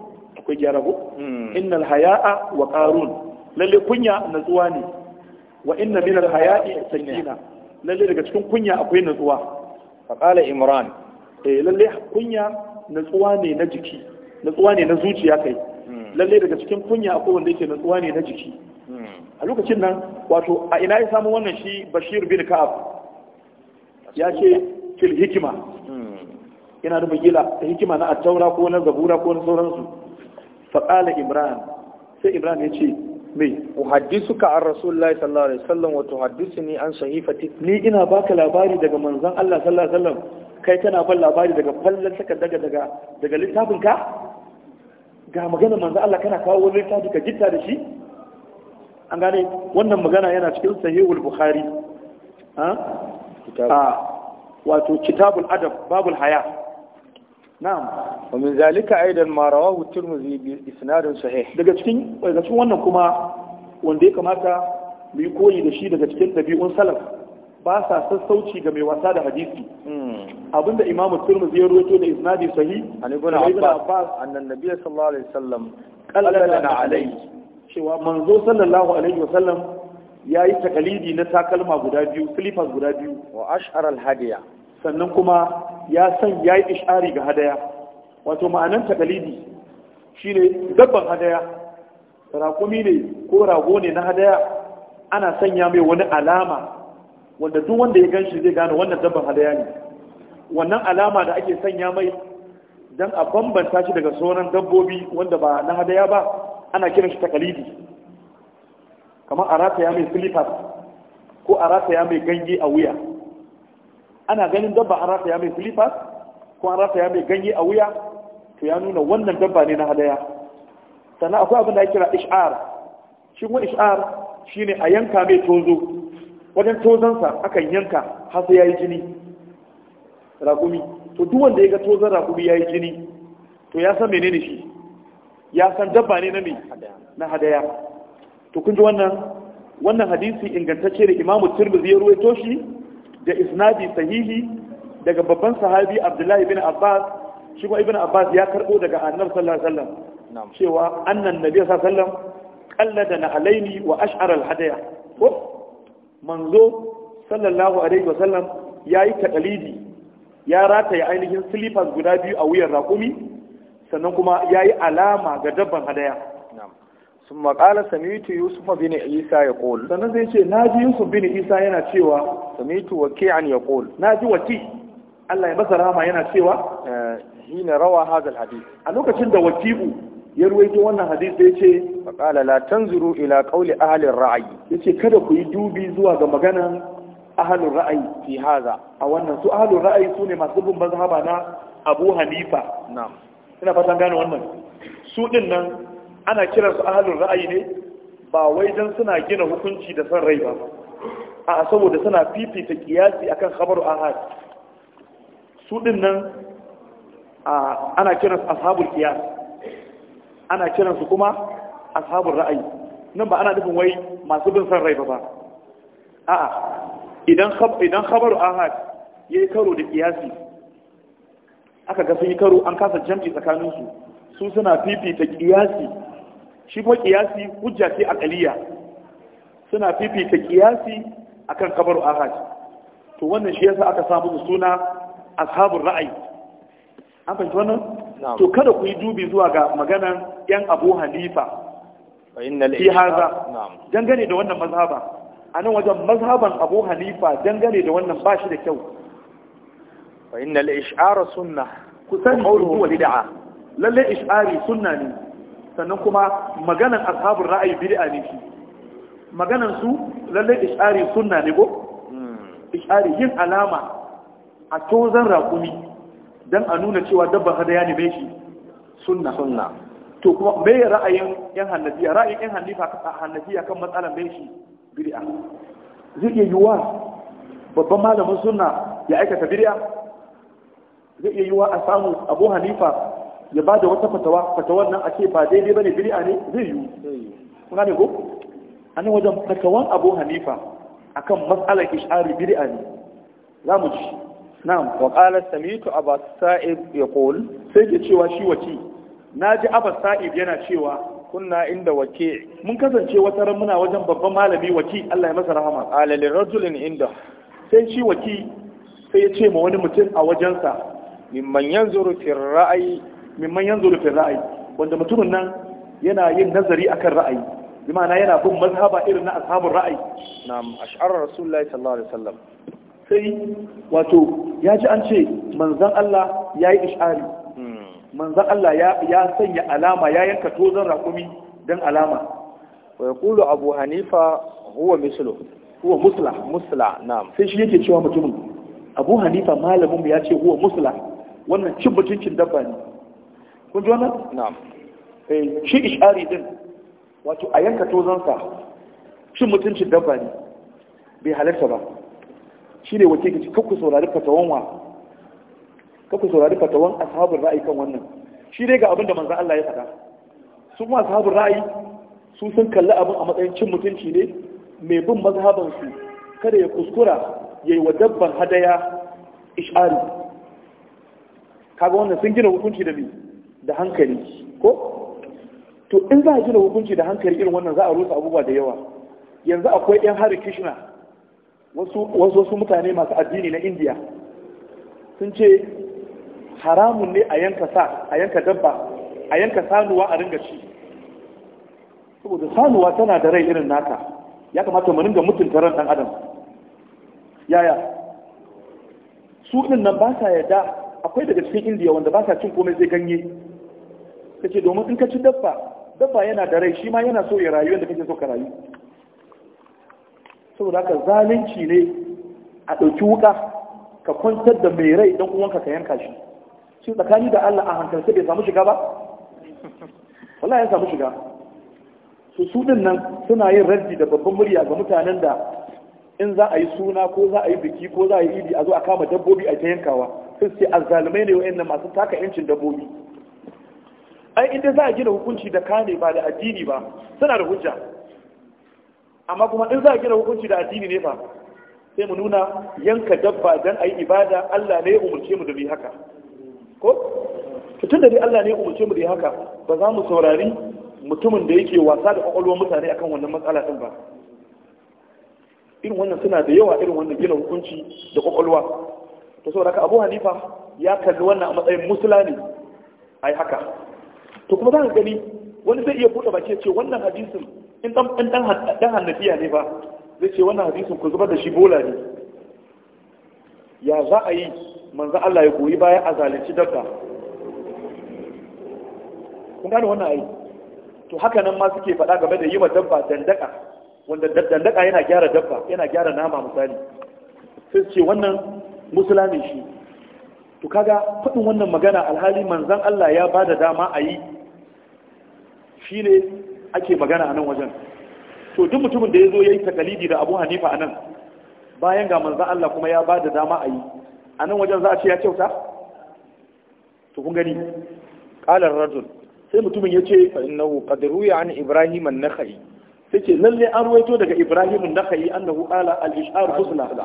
[SPEAKER 1] akwai gyara ko hmm. innal haya'a wa qarun lalle kunya natsuwa ne wa inna min al haya'i sakina lalle daga cikin kunya akwai natsuwa fa qala imran eh lalle kunya natsuwa ne na jiki natsuwa ne na zuciya kai hmm. lalle daga cikin kunya akwai wanda yake natsuwa ne na jiki hmm. a lokacin nan wato a ina ya samu wannan shi bashir bin ka'ab ya ce fil hikima Ina da bagila hikima na attaura ko na zabura ko na sauransu faƙala imran sai imran ya ce mai uhaddisuka an rasulullahi sallallahu alaihi wato wa tuhaddisuni an sahifati ni ina baka labari daga manzan Allah sallallahu alaihi wasallam kai tana ban labari daga fallan saka daga daga daga littafin ka ga magana manzan Allah kana kawo wani littafi ka jitta da shi an gane wannan magana yana cikin sahihul bukhari ha wato kitabul adab babul haya na'am wa min zalika aidan ma rawahu tirmidhi bi isnadin sahih daga cikin daga cikin wannan kuma wanda ya kamata mu yi koyi da shi daga cikin dabi'un salaf ba sa sassauci ga mai wasa da hadisi hmm. abinda imamu tirmidhi ya rawaito da isnadi sahih an abbas annan nabiy sallallahu alaihi wasallam qalala cewa manzo sallallahu alaihi wasallam ya yi takalidi na takalma guda biyu guda biyu wa sannan kuma ya san ya yi ishari ga hadaya wato ma'anan takalidi shi ne dabban hadaya rakumi ne ko rago ne na hadaya ana sanya mai wani alama wanda duk wanda ya gan shi zai gane wannan dabban hadaya ne wannan alama da ake sanya mai don a bambanta shi daga sauran dabbobi wanda ba na hadaya ba ana kiran shi takalidi kamar a rataya mai silifas ko a rataya mai gange a wuya ana ganin dabba an rataya mai filifas ko an rataya mai ganye a wuya to ya nuna wannan dabba ne na hadaya sannan akwai abin da ya kira ish'ar shi kuma ish'ar ne a yanka mai tozo wajen tozonsa akan yanka har sai yi jini rakumi to duk wanda ya ga tozon rakumi yi jini to ya san menene shi ya san dabba ne na me na hadaya to kun ji wannan wannan hadisi ingantacce da imamu tirmidhi ya ruwaito shi da isnadi sahihi daga babban sahabi abdullahi bin abbas shi kuma ibn abbas ya karbo daga annabi sallallahu alaihi wasallam cewa annan nabi sallallahu alaihi wasallam qallada na alaini wa ash'ara alhadaya hadaya ko manzo sallallahu alaihi wasallam yayi taqlidi ya rataya ainihin slippers guda biyu a wuyan raƙumi sannan kuma yayi alama ga dabban hadaya Sun ثم قال سمعت يوسف Isa ya يقول sannan zai ce na ji yusuf bin isa yana cewa samitu waki'an Na ji waki Allah ya basa rama yana cewa na rawa hadha alhadith a lokacin da waki'u ya ruwaito wannan hadith zai ce faqala la tanzuru ila qawli ahalin ra'ayi. Ya ce kada ku yi dubi zuwa ga maganan ahli ar-ra'y fi haza. a wannan su ahalin ar su ne masu bin mazhaba na Abu Hanifa na'am ina fatan gane wannan su din nan ana kiransu ahalin ra'ayi ne ba wai don suna gina hukunci da son rai ba a saboda suna fifita kiyasi akan khabaru ahad su din nan ana kiransu ashabul kiyas ana kiransu kuma ashabul ra'ayi nan ba ana nufin wai masu bin son rai ba ba a'a idan idan khabaru ahad yayi karo da kiyasi aka ga sun yi karo an kasa jam'i tsakaninsu su suna fifita kiyasi shi kuma kiyasi hujja ce aqaliya suna fifita kiyasi akan kabaru ahad to wannan shi yasa aka samu suna ashabur ra'ayi an fahimci wannan to kada ku yi dubi zuwa ga maganan yan abu hanifa fi haza dangane da wannan mazhaba a nan wajen mazhaban abu hanifa dangane da wannan ba shi da kyau fa innal ish'ara sunnah ku sani huwa da'a lalle ish'ari sunna ne sannan kuma maganan ashabun ra'ayi bid'a ne shi maganan su lalle ishari sunna ne ko hmm. ishari yin alama a tozan raƙumi don a nuna cewa dabban hada ne nime shi sunna sunna to kuma mai ra'ayin yan hannafiya ra'ayin yan a kan matsalan mai shi bid'a zai iya yiwuwa babban malamin sunna ya aikata bid'a zai iya yiwuwa a samu abu hanifa ya ba da wata fatawa fatawar nan ake ba daidai bane bid'a ne zai yi Kuna ne ko an wajen fatawan Abu Hanifa akan mas'alar ish'ari bid'a ne za mu ji na'am wa qala samitu Abu Sa'id yaqul sai ke cewa shi wace naji Abu Sa'id yana cewa kunna inda wake mun kasance wata ran muna wajen babban malami waki Allah ya masa rahama ala rajul inda sai shi waki sai ya ce ma wani mutum a wajensa mimman yanzuru fi ra'ayi mimman yanzu rufe ra'ayi wanda mutumin nan yana yin nazari akan ra'ayi bi ma'ana yana bin mazhaba irin na ashabun ra'ayi na'am ash'ar rasulullahi sallallahu alaihi wasallam sai wato ya ji an ce manzan Allah ya yi ishari hmm. manzan Allah ya sanya alama ya yanka tozan rakumi don alama wa ya abu hanifa huwa mislu huwa musla musla na'am sai shi yake cewa mutumin abu hanifa malamin ya ce huwa musla wannan cin mutuncin dabba ne kun ji wannan na'am eh shi ishari din wato a yanka tozansa shi mutuncin dabba ne bai halarta ba shi ne wace kace kakku saurari fatawan wa kakku saurari fatawan ashabul ra'ayi kan wannan shi dai ga abin da manzon Allah ya faɗa su kuma ashabul ra'ayi su sun kalli abin a matsayin cin mutunci ne mai bin mazhaban su kada ya kuskura yayi wa dabban hadaya ish'ari kaga wannan sun gina hukunci da bi da hankali ko to in za a gina hukunci da hankali irin wannan za a rusa abubuwa da yawa yanzu akwai yan hari Kishina wasu wasu mutane masu addini na indiya sun ce haramun ne a yanka sa a yanka dabba a yanka sanuwa a ringa ci saboda sanuwa tana da rai irin naka ya kamata mu ringa mutunta ran dan adam yaya su din nan ba sa yadda akwai daga cikin indiya wanda ba sa cin komai zai ganye kace domin in ka ci dabba dabba yana da rai shi ma yana so ya rayu yadda kake so ka rayu saboda haka zalunci ne a ɗauki wuka ka kwantar da mai rai don uwanka ka yanka shi shi tsakani da Allah a hankalce bai samu shiga ba wallahi ya samu shiga su su din nan suna yin raddi da babban murya ga mutanen da in za a yi suna ko za a yi biki ko za a yi idi a zo a kama dabbobi a ta yankawa sai sai azzalumai ne wa'annan masu taka yancin dabbobi ai inda za a gina hukunci da kane ba da addini ba suna da hujja amma kuma in za a gina hukunci da addini ne ba sai mu nuna yanka dabba don a yi ibada Allah ne umurce umarce mu da bi haka ko tun da dai Allah ne umurce mu da haka ba za mu saurari mutumin da yake wasa da kwakwalwar mutane akan wannan matsala din ba irin wannan suna da yawa irin wannan gina hukunci da kwakwalwa to saboda haka Abu Hanifa ya kalli wannan a matsayin musula ne ai haka to kuma za ka gani wani zai iya buɗe baki ce wannan hadisin in dan in dan dan hannafiya ne ba zai ce wannan hadisin ku zubar da shi bola ne ya za a yi manzo Allah ya goyi baya a zalunci dabba kun gane wannan ayi to haka nan ma suke faɗa game da yi wa dabba dandaka wanda dandaka yana gyara dabba yana gyara nama misali sai ce wannan musulmi shi to kaga faɗin wannan magana alhali manzon Allah ya bada dama a yi shi ne ake magana a nan wajen to duk mutumin da ya zo ya yi takalidi da abu hanifa a nan bayan ga manzan Allah kuma ya ba da dama a yi a nan wajen za a ce ya kyauta to kun gani ƙalar rajul sai mutumin ya ce fa ƙadiru ya ruya an ibrahim an-nakhai ce lalle an ruwaito daga ibrahim an-nakhai an qala al-ish'ar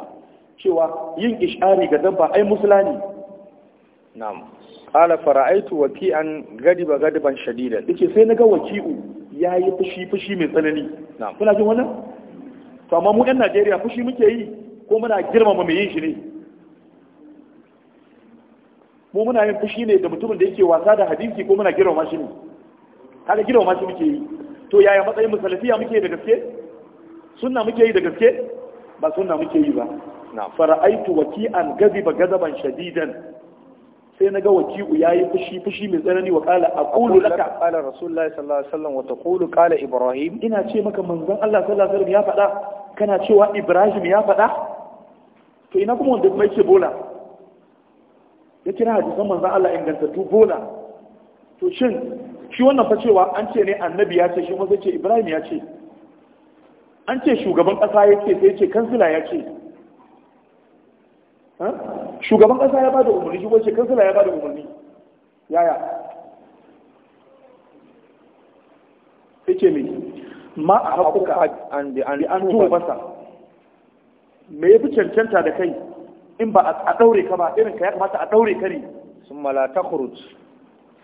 [SPEAKER 1] cewa yin ish'ari ga dabba ai musula ne ala fara'aitu waki'an gadiba gadiban shadida yace sai naga waki'u yayi fushi fushi mai tsanani Na kuna jin wannan to amma mu ɗan Najeriya fushi muke yi ko muna girmama mai yin shi ne mu muna yin fushi ne da mutumin da yake wasa da hadisi ko muna girmama shi ne kada girmama shi muke yi to yaya matsayin mu salafiya muke da gaske sunna muke yi da gaske ba sunna muke yi ba na fara'aitu waki'an gadiba gadaban shadidan sai na ga waki'u yi fushi fushi mai tsanani wa qala aqulu laka qala rasulullahi sallallahu alaihi wasallam wa taqulu qala ibrahim ina ce maka manzon Allah sallallahu alaihi wasallam ya faɗa kana cewa ibrahim ya faɗa to ina kuma wanda mai ce bola ya kira hadisan manzon Allah ingantattu bola to shin shi wannan fa cewa an ce ne annabi ya ce shi kuma sai ce ibrahim ya ce an ce shugaban ƙasa ya ce sai ce kansila ya ce shugaban kasa ya bada umarni shi wace kansila ya bada umarni yaya ce mai ma a haƙuka an tuwa masa me ya fi cancanta da kai in ba a ɗaure ka ba irin ka ya kamata a ɗaure ka ne sun malata kurut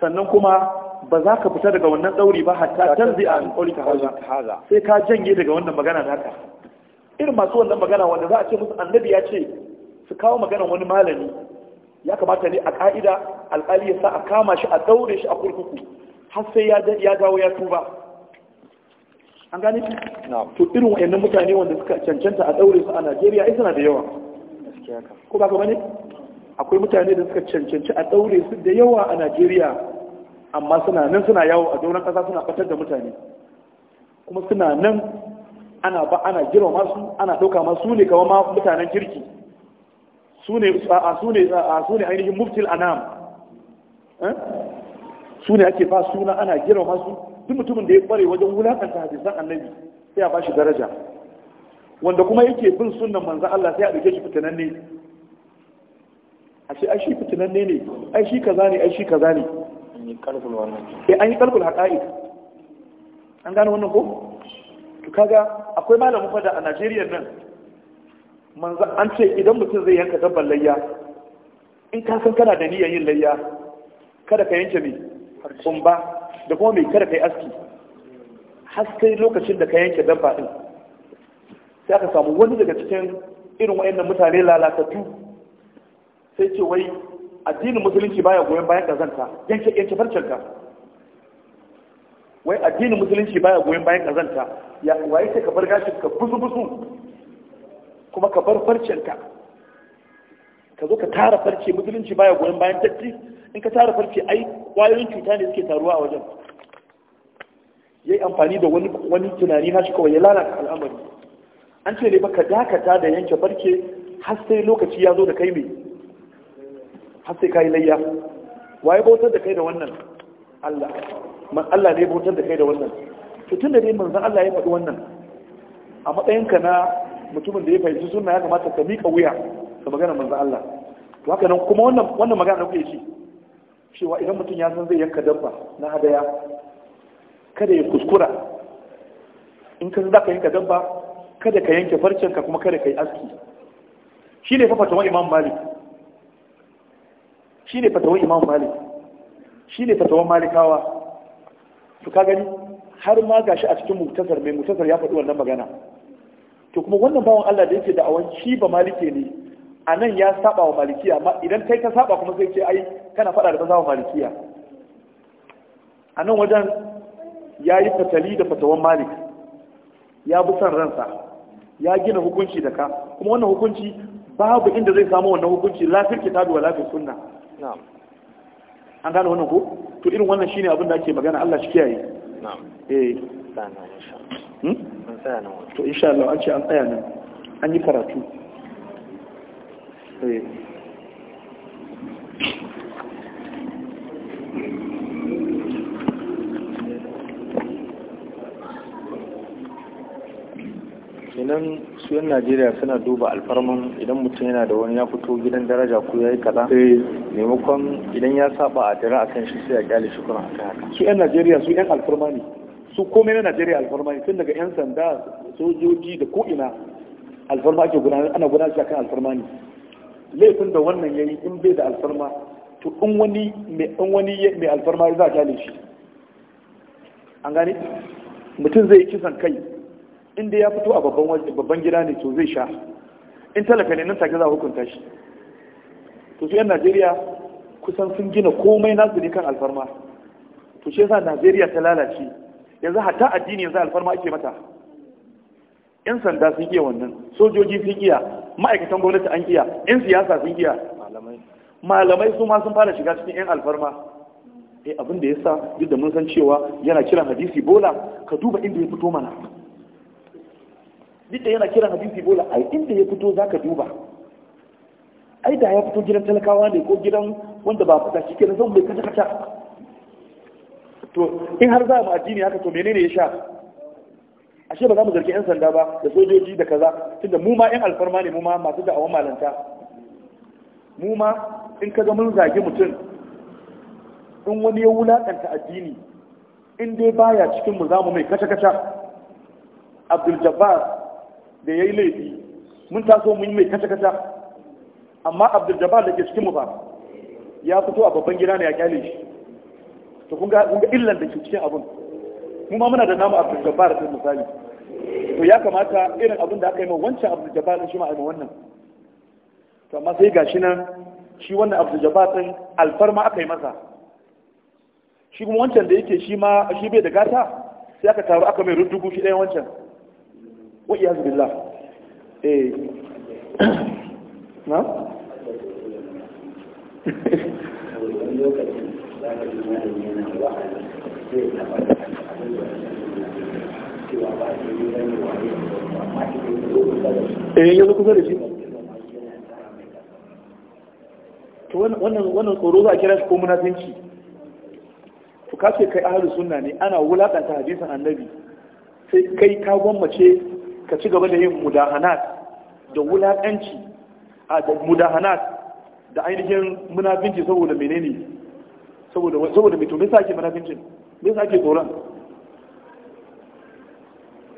[SPEAKER 1] sannan kuma ba za ka fita daga wannan ɗauri ba hatta can zai an ƙauri haza sai ka janye daga wannan magana naka irin masu wannan magana wanda za a ce musu annabi ya ce su kawo maganar wani malami ya kamata ne a ka'ida alƙali ya sa a kama shi a daure shi a kurkuku har sai ya dawo ya tuba an gane shi to irin wa'annan mutane wanda suka cancanta a daure su a Najeriya ai suna da yawa ko ba ka ne? akwai mutane da suka cancanci a daure su da yawa a Najeriya amma suna nan suna yawo a dauran kasa suna fatar da mutane kuma suna nan ana ba ana girma masu ana dauka masu ne kamar ma mutanen kirki Sune a su ne ainihin muftil anam eh? Sune ake ba suna ana girma masu duk mutumin da ya kware wajen wulakanta hadisan annabi sai a ba shi daraja wanda kuma yake bin sunan manzon Allah sai a ɗauke shi fitinanne a ce ai shi fitinanne ne ai shi kaza ne ai shi kaza ne eh an yi kalkul haƙa'i an gane wannan ko to kaga akwai malamin fada a Najeriya nan manzo an ce idan mutum zai yanka dabban layya in ka san kana da niyyar yin layya kada ka yanke mai kumba da kuma mai kada ka yi aski haske lokacin da ka yanke dabba din sai aka samu wani daga cikin irin wayannan mutane lalatattu sai ce wai addinin musulunci baya goyon bayan kazanta yanke yanke farcen ka wai addinin musulunci baya goyon bayan kazanta ya waye sai ka bar gashin ka busu busu kuma ka bar farcenka ka zo ka tara farce musulunci baya goyon bayan datti in ka tara farce ai kwayoyin cuta ne suke taruwa a wajen yayi amfani da wani wani tunani na shi kawai ya lalata al'amari an ce ne ba ka dakata da yanke farce har sai lokaci ya zo da kai mai har sai kai layya waye bautar da kai da wannan Allah man Allah ne bautar da kai da wannan to tunda ne manzon Allah ya faɗi wannan a matsayinka na mutumin da ya fahimci suna ya kamata ka miƙa wuya ga maganar manzo Allah to haka nan kuma wannan wannan magana da kuke shi cewa idan mutum ya san zai yanka dabba na hadaya kada ya kuskura in ka zaka ka yanka dabba kada ka yanke farcen ka kuma kada ka yi aski shi ne wani imam malik shi ne imam malik shi ne malikawa to ka gani har ma gashi a cikin mutasar mai mutasar ya faɗi wannan magana to kuma wannan bawan Allah da yake da awan shi ba malike ne a nan ya saba wa malikiya amma idan kai ka saba kuma sai ce ai kana faɗa da wa malikiya a nan wajen ya yi fatali da fatawan malik ya bi son ransa ya gina hukunci da ka kuma wannan hukunci babu inda zai samu wannan hukunci lafiyar kitabu wa lafiyar sunna an gane wannan ko to irin wannan shine abin da ake magana Allah shi kiyaye
[SPEAKER 2] na'am eh sana insha hmm? to
[SPEAKER 1] insha Allah an ce an tsaya nan an yi karatu eh.
[SPEAKER 2] idan su yan najeriya
[SPEAKER 1] suna duba alfarman idan mutum yana da wani ya fito gidan daraja ko ya yi kaza eh. maimakon idan ya saba a dara a kan shi sai a gyale shi a kan haka su yan najeriya su yan alfarma ne su komai na najeriya alfarma ne tun daga 'yan sanda sojoji da ko'ina alfarma ake gudanar ana gudanar shi akan alfarma ne laifin da wannan ya yi in bai da alfarma to in wani mai alfarma ya za a kyale shi an gane mutum zai yi kisan kai inda ya fito a babban gida ne to zai sha in talaka ne nan take za a hukunta shi to su 'yan najeriya kusan sun gina komai nasu ne kan alfarma to shi yasa najeriya ta lalace yanzu hatta addini yanzu alfarma ake mata yan sanda sun iya wannan sojoji sun iya ma'aikatan gwamnati an iya yan siyasa sun iya malamai su ma sun fara shiga cikin yan alfarma eh abin da yasa duk da mun san cewa yana kiran hadisi bola ka duba inda ya fito mana duk da yana kiran hadisi bola ai inda ya fito zaka duba ai da ya fito gidan talakawa ne ko gidan wanda ba fita shi kenan zan bai kata kata to in har za mu addini haka to menene ya sha ashe ba za mu zarki yan sanda ba da sojoji da kaza tunda mu ma yan alfarma ne mu ma masu da awon malanta mu ma in ka ga mun zagi mutum in wani ya wulakanta addini in dai baya cikin mu zamu mai kaca kaca Abdul Jabbar da yayi laifi mun taso mun mai kaca kaca amma Abdul Jabbar da ke cikin mu ba ya fito a babban gida ne ya kyale shi to kun ga illan da ke cikin abun mu ma muna da namu abdul jabbar da misali to ya kamata irin abin da aka yi ma wancan abdul jabbar shi ma a yi ma wannan to amma sai gashi nan shi wannan abdul jabbar din alfarma aka yi masa shi kuma wancan da yake shi ma shi bai da gata sai aka taru aka mai ruddugu shi ɗayan wancan wa iyaz billah eh na eh ya kusa da shi to wannan tsoro za a kira shi ko munafinci to ka ce kai ahlus sunna ne ana wulakanta hadisin annabi sai kai ka gwammace ka ci gaba da yin mudahanat da wulaƙanci a da mudahanat da ainihin munafinci saboda menene saboda saboda mai to me yasa ake me yasa tsoron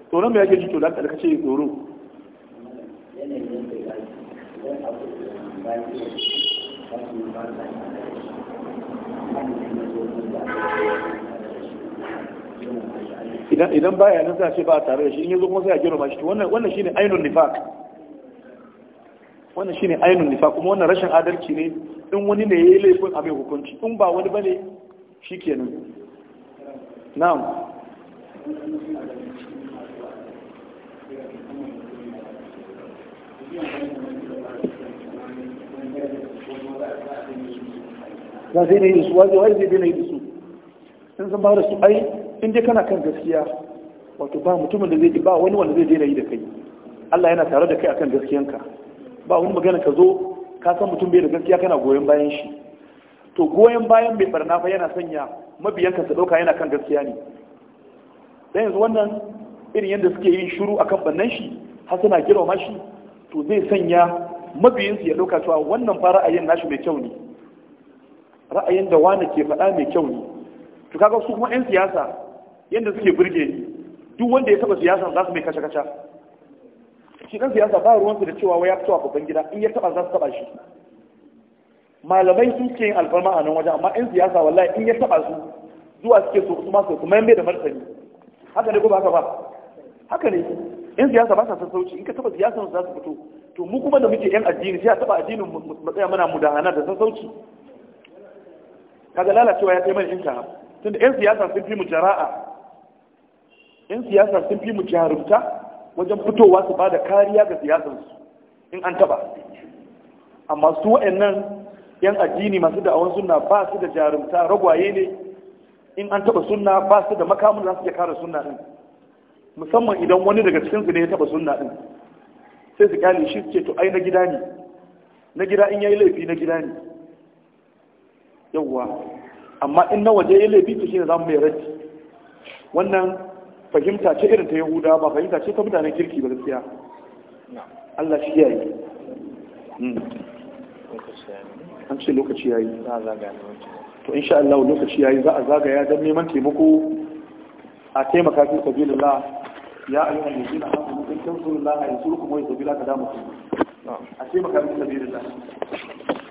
[SPEAKER 1] tsoron mai yake ji to da ka ce tsoro idan baya nan a ce ba a tare da shi in zo kuma sai a girma mashi wannan shi shine ainihin nifak wannan shi ne ainihin nisa kuma wannan rashin adalci ne in wani ne ya yi laifin abin hukunci in ba wani bane shikenan na'am za zai ne su wajen wajen zai ne su sun zama da su ai inda kana kan gaskiya wato ba mutumin da zai ba wani wanda zai daina yi da kai Allah yana tare da kai akan gaskiyanka ba wani magana ka zo ka san mutum bai da gaskiya kana goyon bayan shi to goyon bayan mai barna fa yana sanya mabiyanka su dauka yana kan gaskiya ne dan yanzu wannan irin yadda suke yin shiru akan bannan shi har suna girma shi to zai sanya su ya dauka cewa wannan fa ra'ayin nashi mai kyau ne ra'ayin da wani ke faɗa mai kyau ne to kaga su kuma 'yan siyasa yadda suke burge ni duk wanda ya taba siyasa za su mai kaca-kaca shi dan siyasa ba su da cewa wai ya fito a babban gida in ya taba za su taba shi malamai sun yin alfarma a nan wajen amma yan siyasa wallahi in ya taba su zuwa suke so su ma so su da martani haka ne ko ba haka ba haka ne yan siyasa ba sa sassauci in ka taba siyasa za su fito to mu kuma da muke yan addini sai a taba addinin mu tsaya muna mudahana da sassauci kaga lalacewa ya kai mana ka? tunda yan siyasa sun fi mu jara'a yan siyasa sun fi mu jarumta wajen fitowa su ba da kariya ga siyasarsu in an taba amma su nan, yan addini masu da'awar suna ba su da jarumta ragwaye ne in an taba suna ba su da makamun za su iya kare suna din musamman idan wani daga cikin su ne ya taba suna din sai su kyale shi ce to ai na gida ne na gida in yayi laifi na gida ne yawwa amma in na waje yi laifi to za mu mai raji wannan fahimta ce irin ta yahuda ba fahimta ce ta mutanen kirki ba gaskiya Allah shi yayi hmm. an ce lokaci yayi za a zagaya to insha Allah lokaci yayi za a zagaya don neman taimako a taimaka fi sabilillah ya ayyuhal ladina amanu in tansurullaha yansurkum wa yuthabbit aqdamakum a taimaka fi sabilillah